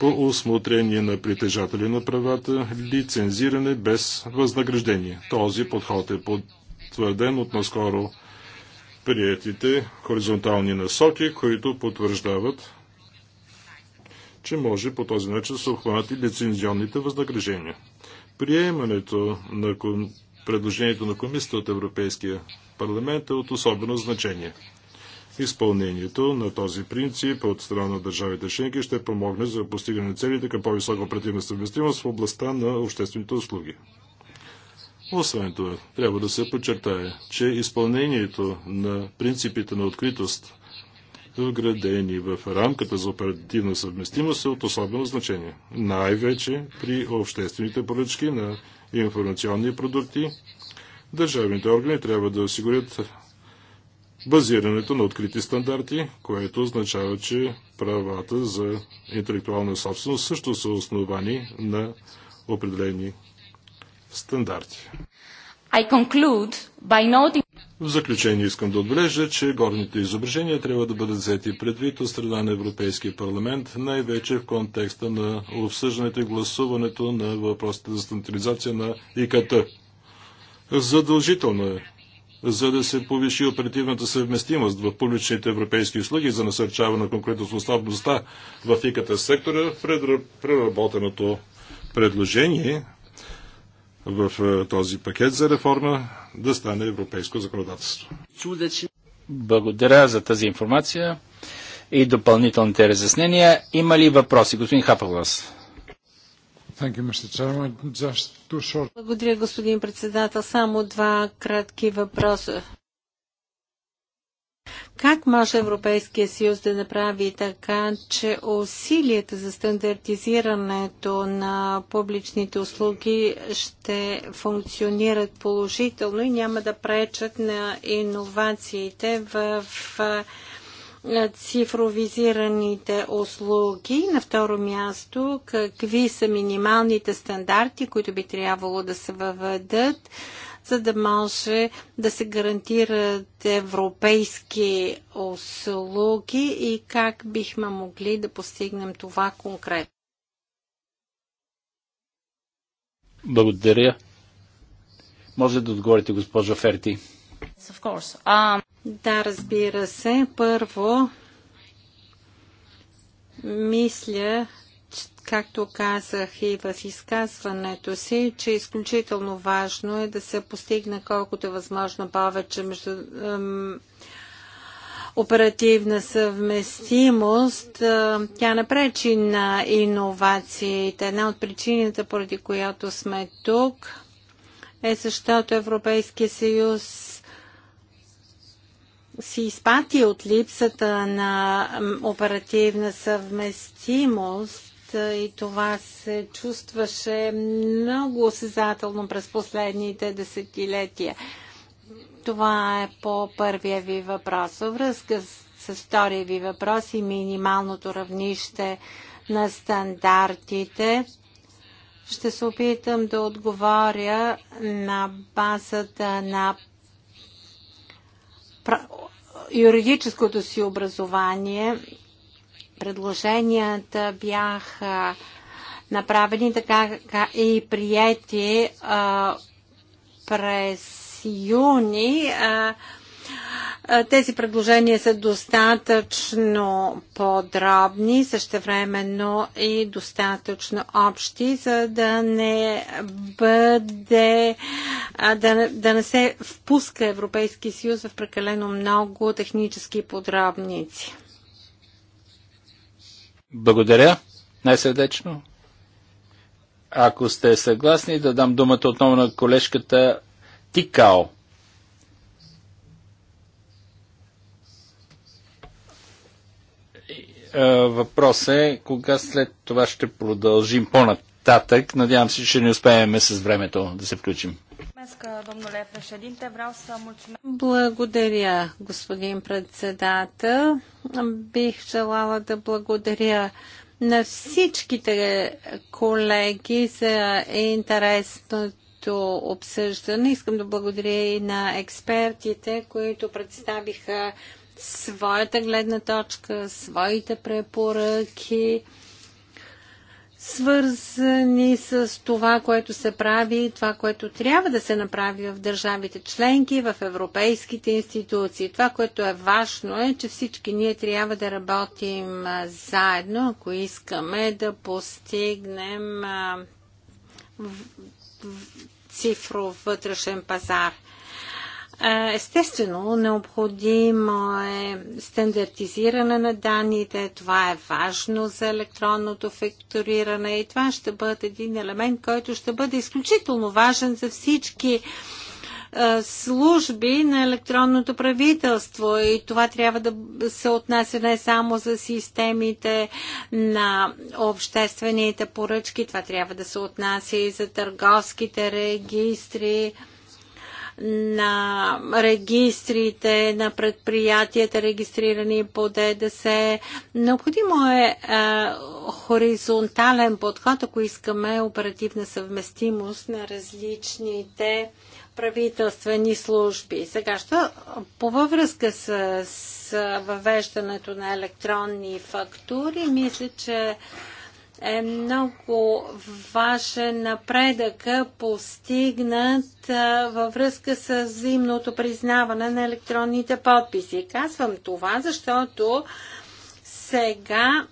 по осмотрение на притежатели на правата, лицензиране без възнаграждение. Този подход е потвърден от наскоро приятите хоризонтални насоки, които потвърждават, че може по този начин да се обхванат и лицензионните възнаграждения. Приемането на предложението на комисията от Европейския парламент е от особено значение. Изпълнението на този принцип от страна на държавите членки ще помогне за постигане на целите към по-висока оперативна съвместимост в областта на обществените услуги. Освен това, трябва да се подчертае, че изпълнението на принципите на откритост, вградени в рамката за оперативна съвместимост, е от особено значение. Най-вече при обществените поръчки на информационни продукти, държавните органи трябва да осигурят базирането на открити стандарти, което означава, че правата за интелектуална собственост също са основани на определени стандарти. I conclude by noting... В заключение искам да отбележа, че горните изображения трябва да бъдат взети предвид от страна на Европейския парламент, най-вече в контекста на обсъждането и гласуването на въпросите за стандартизация на ИКТ. Задължително е за да се повиши оперативната съвместимост в публичните европейски услуги за насърчаване на конкурентоспособността в ИКТ сектора, преработеното предложение в е, този пакет за реформа да стане европейско законодателство. Благодаря за тази информация и допълнителните разяснения. Има ли въпроси, господин Хапаглас? Благодаря, господин председател. Само два кратки въпроса. Как може Европейския съюз да направи така, че усилията за стандартизирането на публичните услуги ще функционират положително и няма да пречат на иновациите в цифровизираните услуги. На второ място, какви са минималните стандарти, които би трябвало да се въведат за да може да се гарантират европейски услуги и как бихме могли да постигнем това конкретно. Благодаря. Може да отговорите, госпожо Ферти. Um... Да, разбира се. Първо, мисля, както казах и в изказването си, че изключително важно е да се постигне колкото е възможно повече между оперативна съвместимост. Е, тя напречи на иновациите. Една от причините, поради която сме тук, е защото Европейския съюз си изпати от липсата на оперативна съвместимост и това се чувстваше много осезателно през последните десетилетия. Това е по първия ви въпрос. Във връзка с, с втория ви въпрос и минималното равнище на стандартите, ще се опитам да отговоря на базата на юридическото си образование предложенията бяха направени така и приети а, през юни. А, тези предложения са достатъчно подробни, същевременно и достатъчно общи, за да не бъде, да, да не се впуска Европейски съюз в прекалено много технически подробници. Благодаря най-сърдечно. Ако сте съгласни, да дам думата отново на колежката Тикао. Е, въпрос е кога след това ще продължим по-нататък. Надявам се, че не успеем с времето да се включим. Благодаря, господин председател. Бих желала да благодаря на всичките колеги за интересното обсъждане. Искам да благодаря и на експертите, които представиха своята гледна точка, своите препоръки свързани с това, което се прави, това, което трябва да се направи в държавите членки, в европейските институции. Това, което е важно е, че всички ние трябва да работим заедно, ако искаме да постигнем цифров вътрешен пазар. Естествено, необходимо е стандартизиране на данните, това е важно за електронното фактуриране и това ще бъде един елемент, който ще бъде изключително важен за всички служби на електронното правителство и това трябва да се отнася не само за системите на обществените поръчки, това трябва да се отнася и за търговските регистри на регистрите на предприятията, регистрирани по ДДС. Необходимо е а, е, хоризонтален подход, ако искаме оперативна съвместимост на различните правителствени служби. Сега, що по връзка с, с въвеждането на електронни фактури, мисля, че е много важен напредък, постигнат във връзка с взаимното признаване на електронните подписи. Казвам това, защото сега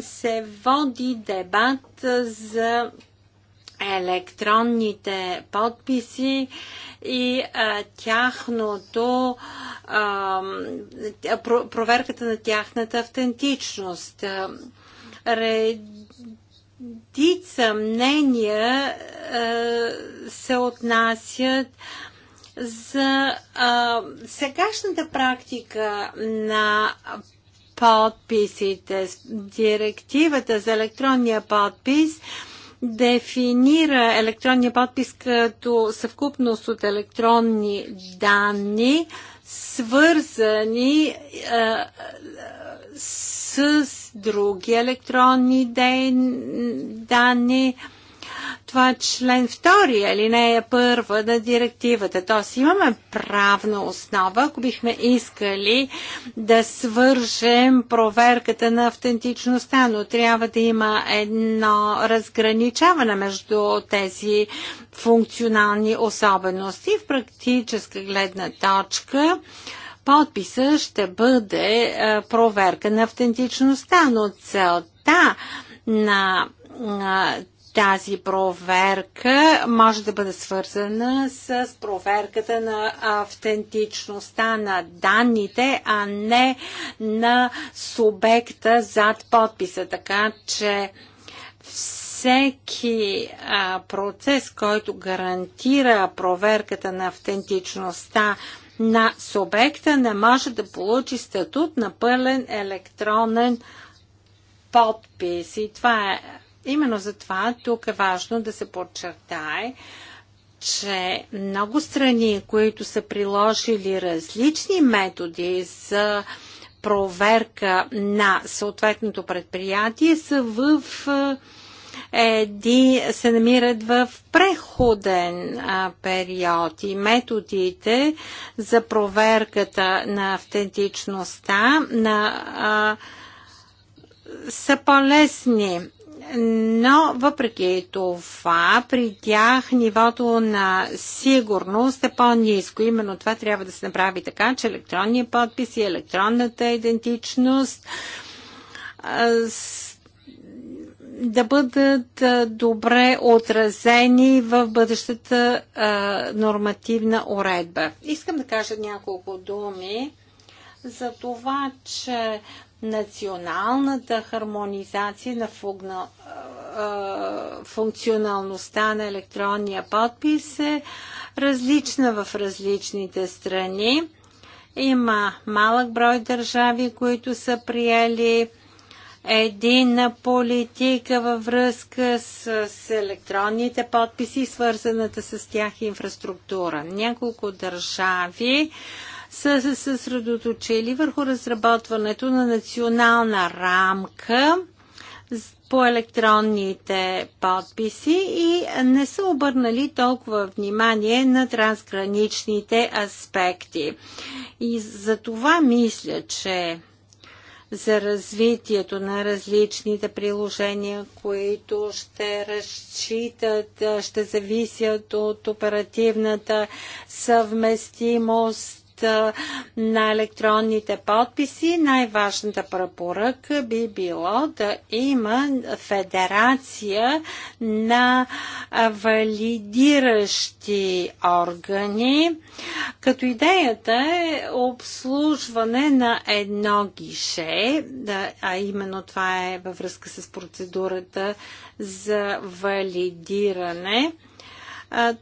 се води дебат за електронните подписи и а, тяхното а, проверката на тяхната автентичност редица мнения се отнасят за а, сегашната практика на подписите. Директивата за електронния подпис дефинира електронния подпис като съвкупност от електронни данни, свързани а, с други електронни данни. Това е член 2, е първа на директивата. Тоест имаме правна основа, ако бихме искали да свържем проверката на автентичността, но трябва да има едно разграничаване между тези функционални особености. В практическа гледна точка подписа ще бъде е, проверка на автентичността, но целта на тази проверка може да бъде свързана с проверката на автентичността на данните, а не на субекта зад подписа. Така че всеки процес, който гарантира проверката на автентичността на субекта не може да получи статут на пълен електронен подпис. И това е именно за това тук е важно да се подчертае, че много страни, които са приложили различни методи за проверка на съответното предприятие, са в е, еди се намират в преходен а, период и методите за проверката на автентичността на, а, са по-лесни но въпреки това при тях нивото на сигурност е по-низко. Именно това трябва да се направи така, че електронния подпис и електронната идентичност да бъдат добре отразени в бъдещата нормативна уредба. Искам да кажа няколко думи за това, че националната хармонизация на фугна, функционалността на електронния подпис е различна в различните страни. Има малък брой държави, които са приели единна политика във връзка с, с електронните подписи и свързаната с тях инфраструктура. Няколко държави са се съсредоточили върху разработването на национална рамка по електронните подписи и не са обърнали толкова внимание на трансграничните аспекти. И за това мисля, че за развитието на различните приложения, които ще разчитат, ще зависят от оперативната съвместимост на електронните подписи. Най-важната препоръка би било да има федерация на валидиращи органи, като идеята е обслужване на едно гише, а именно това е във връзка с процедурата за валидиране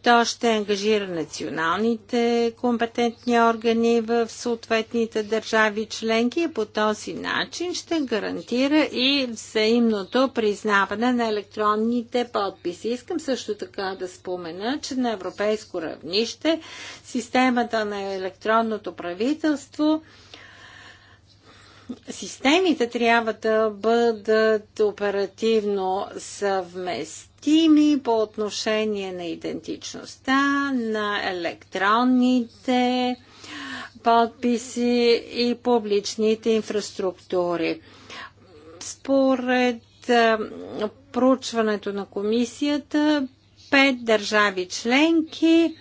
то ще ангажира националните компетентни органи в съответните държави членки и по този начин ще гарантира и взаимното признаване на електронните подписи. Искам също така да спомена, че на европейско равнище системата на електронното правителство системите трябва да бъдат оперативно съвместими по отношение на идентичността, на електронните подписи и публичните инфраструктури. Според е, проучването на комисията, пет държави членки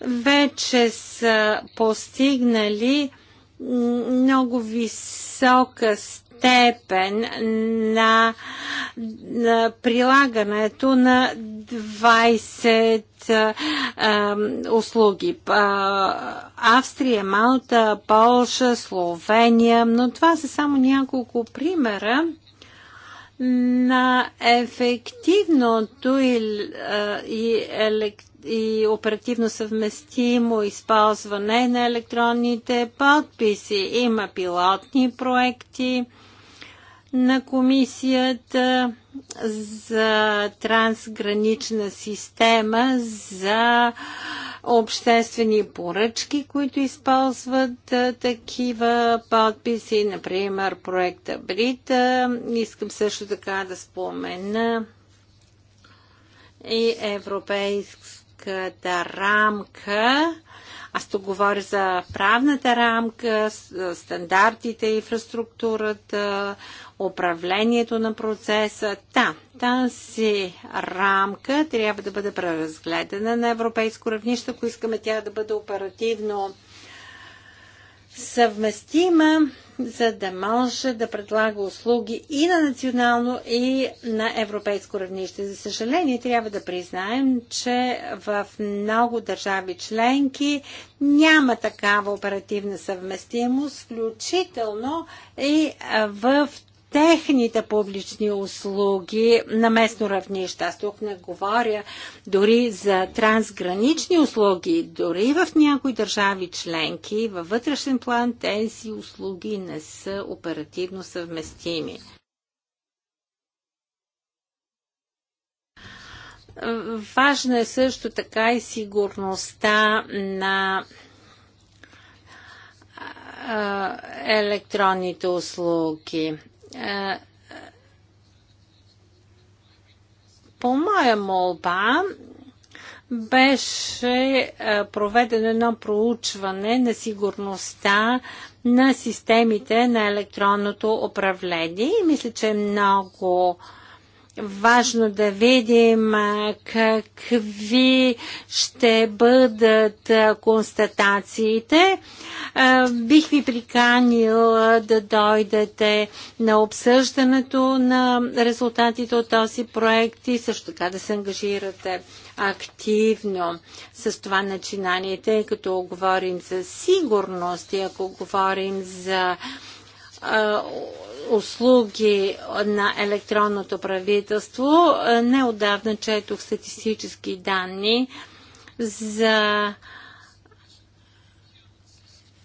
вече са постигнали много висока степен на, на прилагането на 20 а, услуги. А, Австрия, Малта, Полша, Словения, но това са само няколко примера на ефективното и, и електронно и оперативно съвместимо използване на електронните подписи. Има пилотни проекти на комисията за трансгранична система за обществени поръчки, които използват такива подписи, например проекта Брита. Искам също така да спомена и европейски правната рамка, аз тук говоря за правната рамка, стандартите, инфраструктурата, управлението на процеса. Та, тази рамка трябва да бъде преразгледана на европейско равнище, ако искаме тя да бъде оперативно съвместима за да може да предлага услуги и на национално, и на европейско равнище. За съжаление, трябва да признаем, че в много държави членки няма такава оперативна съвместимост, включително и в техните публични услуги на местно равнище. Аз тук не говоря дори за трансгранични услуги. Дори в някои държави членки, във вътрешен план, тези услуги не са оперативно съвместими. Важна е също така и сигурността на електронните услуги. Е, е, по моя молба беше е, проведено едно проучване на сигурността на системите на електронното управление и мисля, че е много важно да видим какви ще бъдат констатациите. Бих ви приканил да дойдете на обсъждането на резултатите от този проект и също така да се ангажирате активно с това начинание, тъй като говорим за сигурност и ако говорим за услуги на електронното правителство. Е, Неодавна четох статистически данни за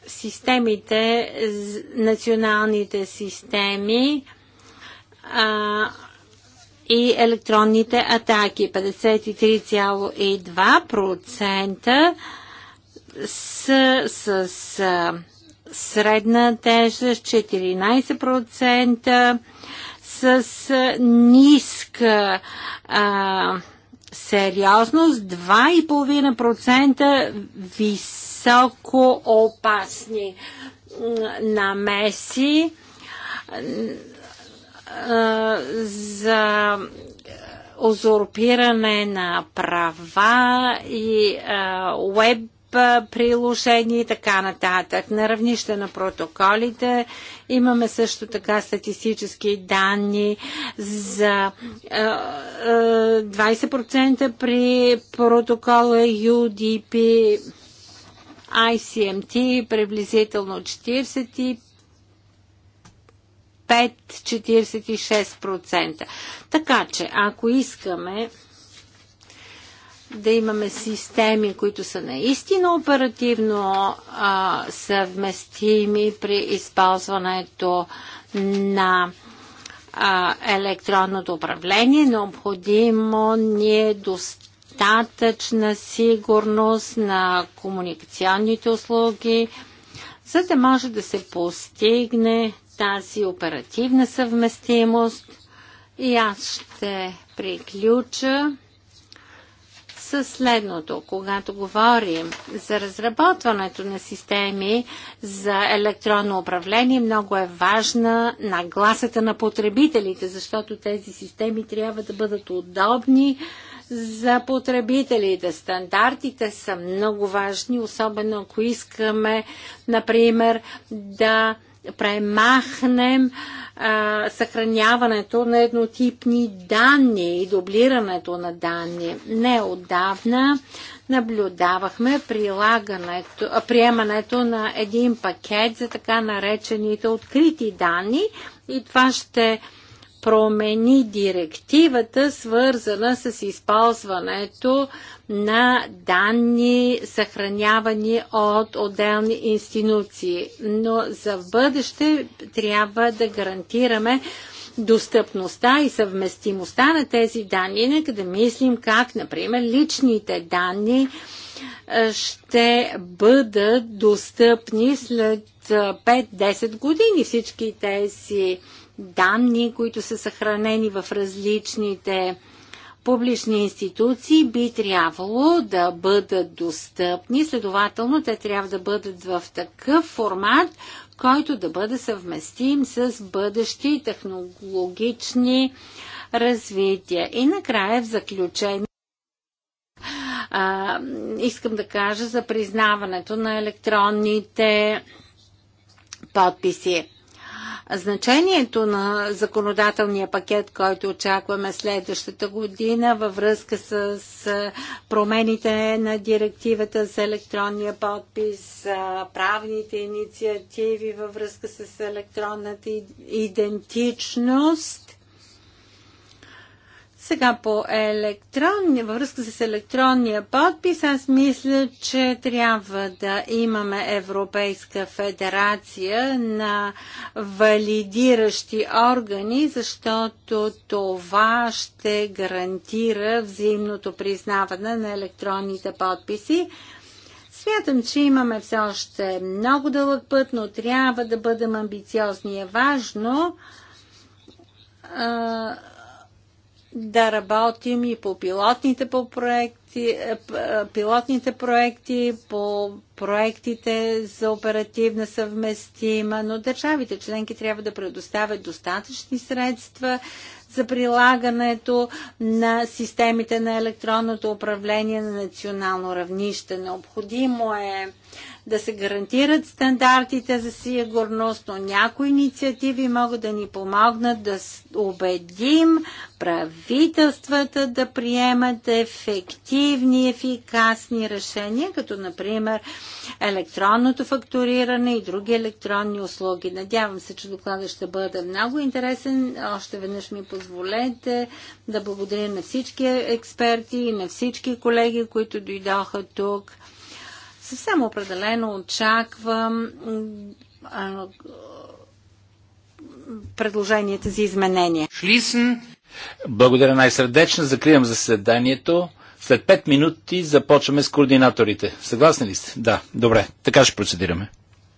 системите, националните системи а, и електронните атаки. 53,2% с, с, с средна тежест 14% с ниска а, сериозност, 2,5% високо опасни намеси за узурпиране на права и а, уеб приложения и така нататък. На равнище на протоколите имаме също така статистически данни за 20% при протокола UDP ICMT, приблизително 45 5-46%. Така че, ако искаме да имаме системи, които са наистина оперативно а, съвместими при използването на а, електронното управление. Необходимо ни е достатъчна сигурност на комуникационните услуги, за да може да се постигне тази оперативна съвместимост. И аз ще приключа са следното. Когато говорим за разработването на системи за електронно управление, много е важна нагласата на потребителите, защото тези системи трябва да бъдат удобни за потребителите. Стандартите са много важни, особено ако искаме, например, да премахнем а, съхраняването на еднотипни данни и дублирането на данни. Неодавна наблюдавахме прилагането, приемането на един пакет за така наречените открити данни и това ще промени директивата, свързана с използването на данни, съхранявани от отделни институции. Но за бъдеще трябва да гарантираме достъпността и съвместимостта на тези данни. Нека да мислим как, например, личните данни ще бъдат достъпни след 5-10 години. Всички тези данни, които са съхранени в различните публични институции, би трябвало да бъдат достъпни. Следователно, те трябва да бъдат в такъв формат, който да бъде съвместим с бъдещи технологични развития. И накрая в заключение а, искам да кажа за признаването на електронните подписи значението на законодателния пакет, който очакваме следващата година във връзка с промените на директивата за електронния подпис, правните инициативи във връзка с електронната идентичност сега по електронния, във връзка с електронния подпис, аз мисля, че трябва да имаме Европейска федерация на валидиращи органи, защото това ще гарантира взаимното признаване на електронните подписи. Смятам, че имаме все още много дълъг път, но трябва да бъдем амбициозни. Е важно да работим и по пилотните по проекти, е, е, пилотните проекти, по проектите за оперативна съвместима, но държавите членки трябва да предоставят достатъчни средства за прилагането на системите на електронното управление на национално равнище. Необходимо е да се гарантират стандартите за сигурност, но някои инициативи могат да ни помогнат да убедим правителствата да приемат ефективни, ефикасни решения, като например електронното фактуриране и други електронни услуги. Надявам се, че докладът ще бъде много интересен. Още веднъж ми позволете да благодаря на всички експерти и на всички колеги, които дойдоха тук. Съвсем определено очаквам предложенията за изменение. Шлисен. Благодаря най-сърдечно. Закривам заседанието. След 5 минути започваме с координаторите. Съгласни ли сте? Да, добре. Така ще процедираме.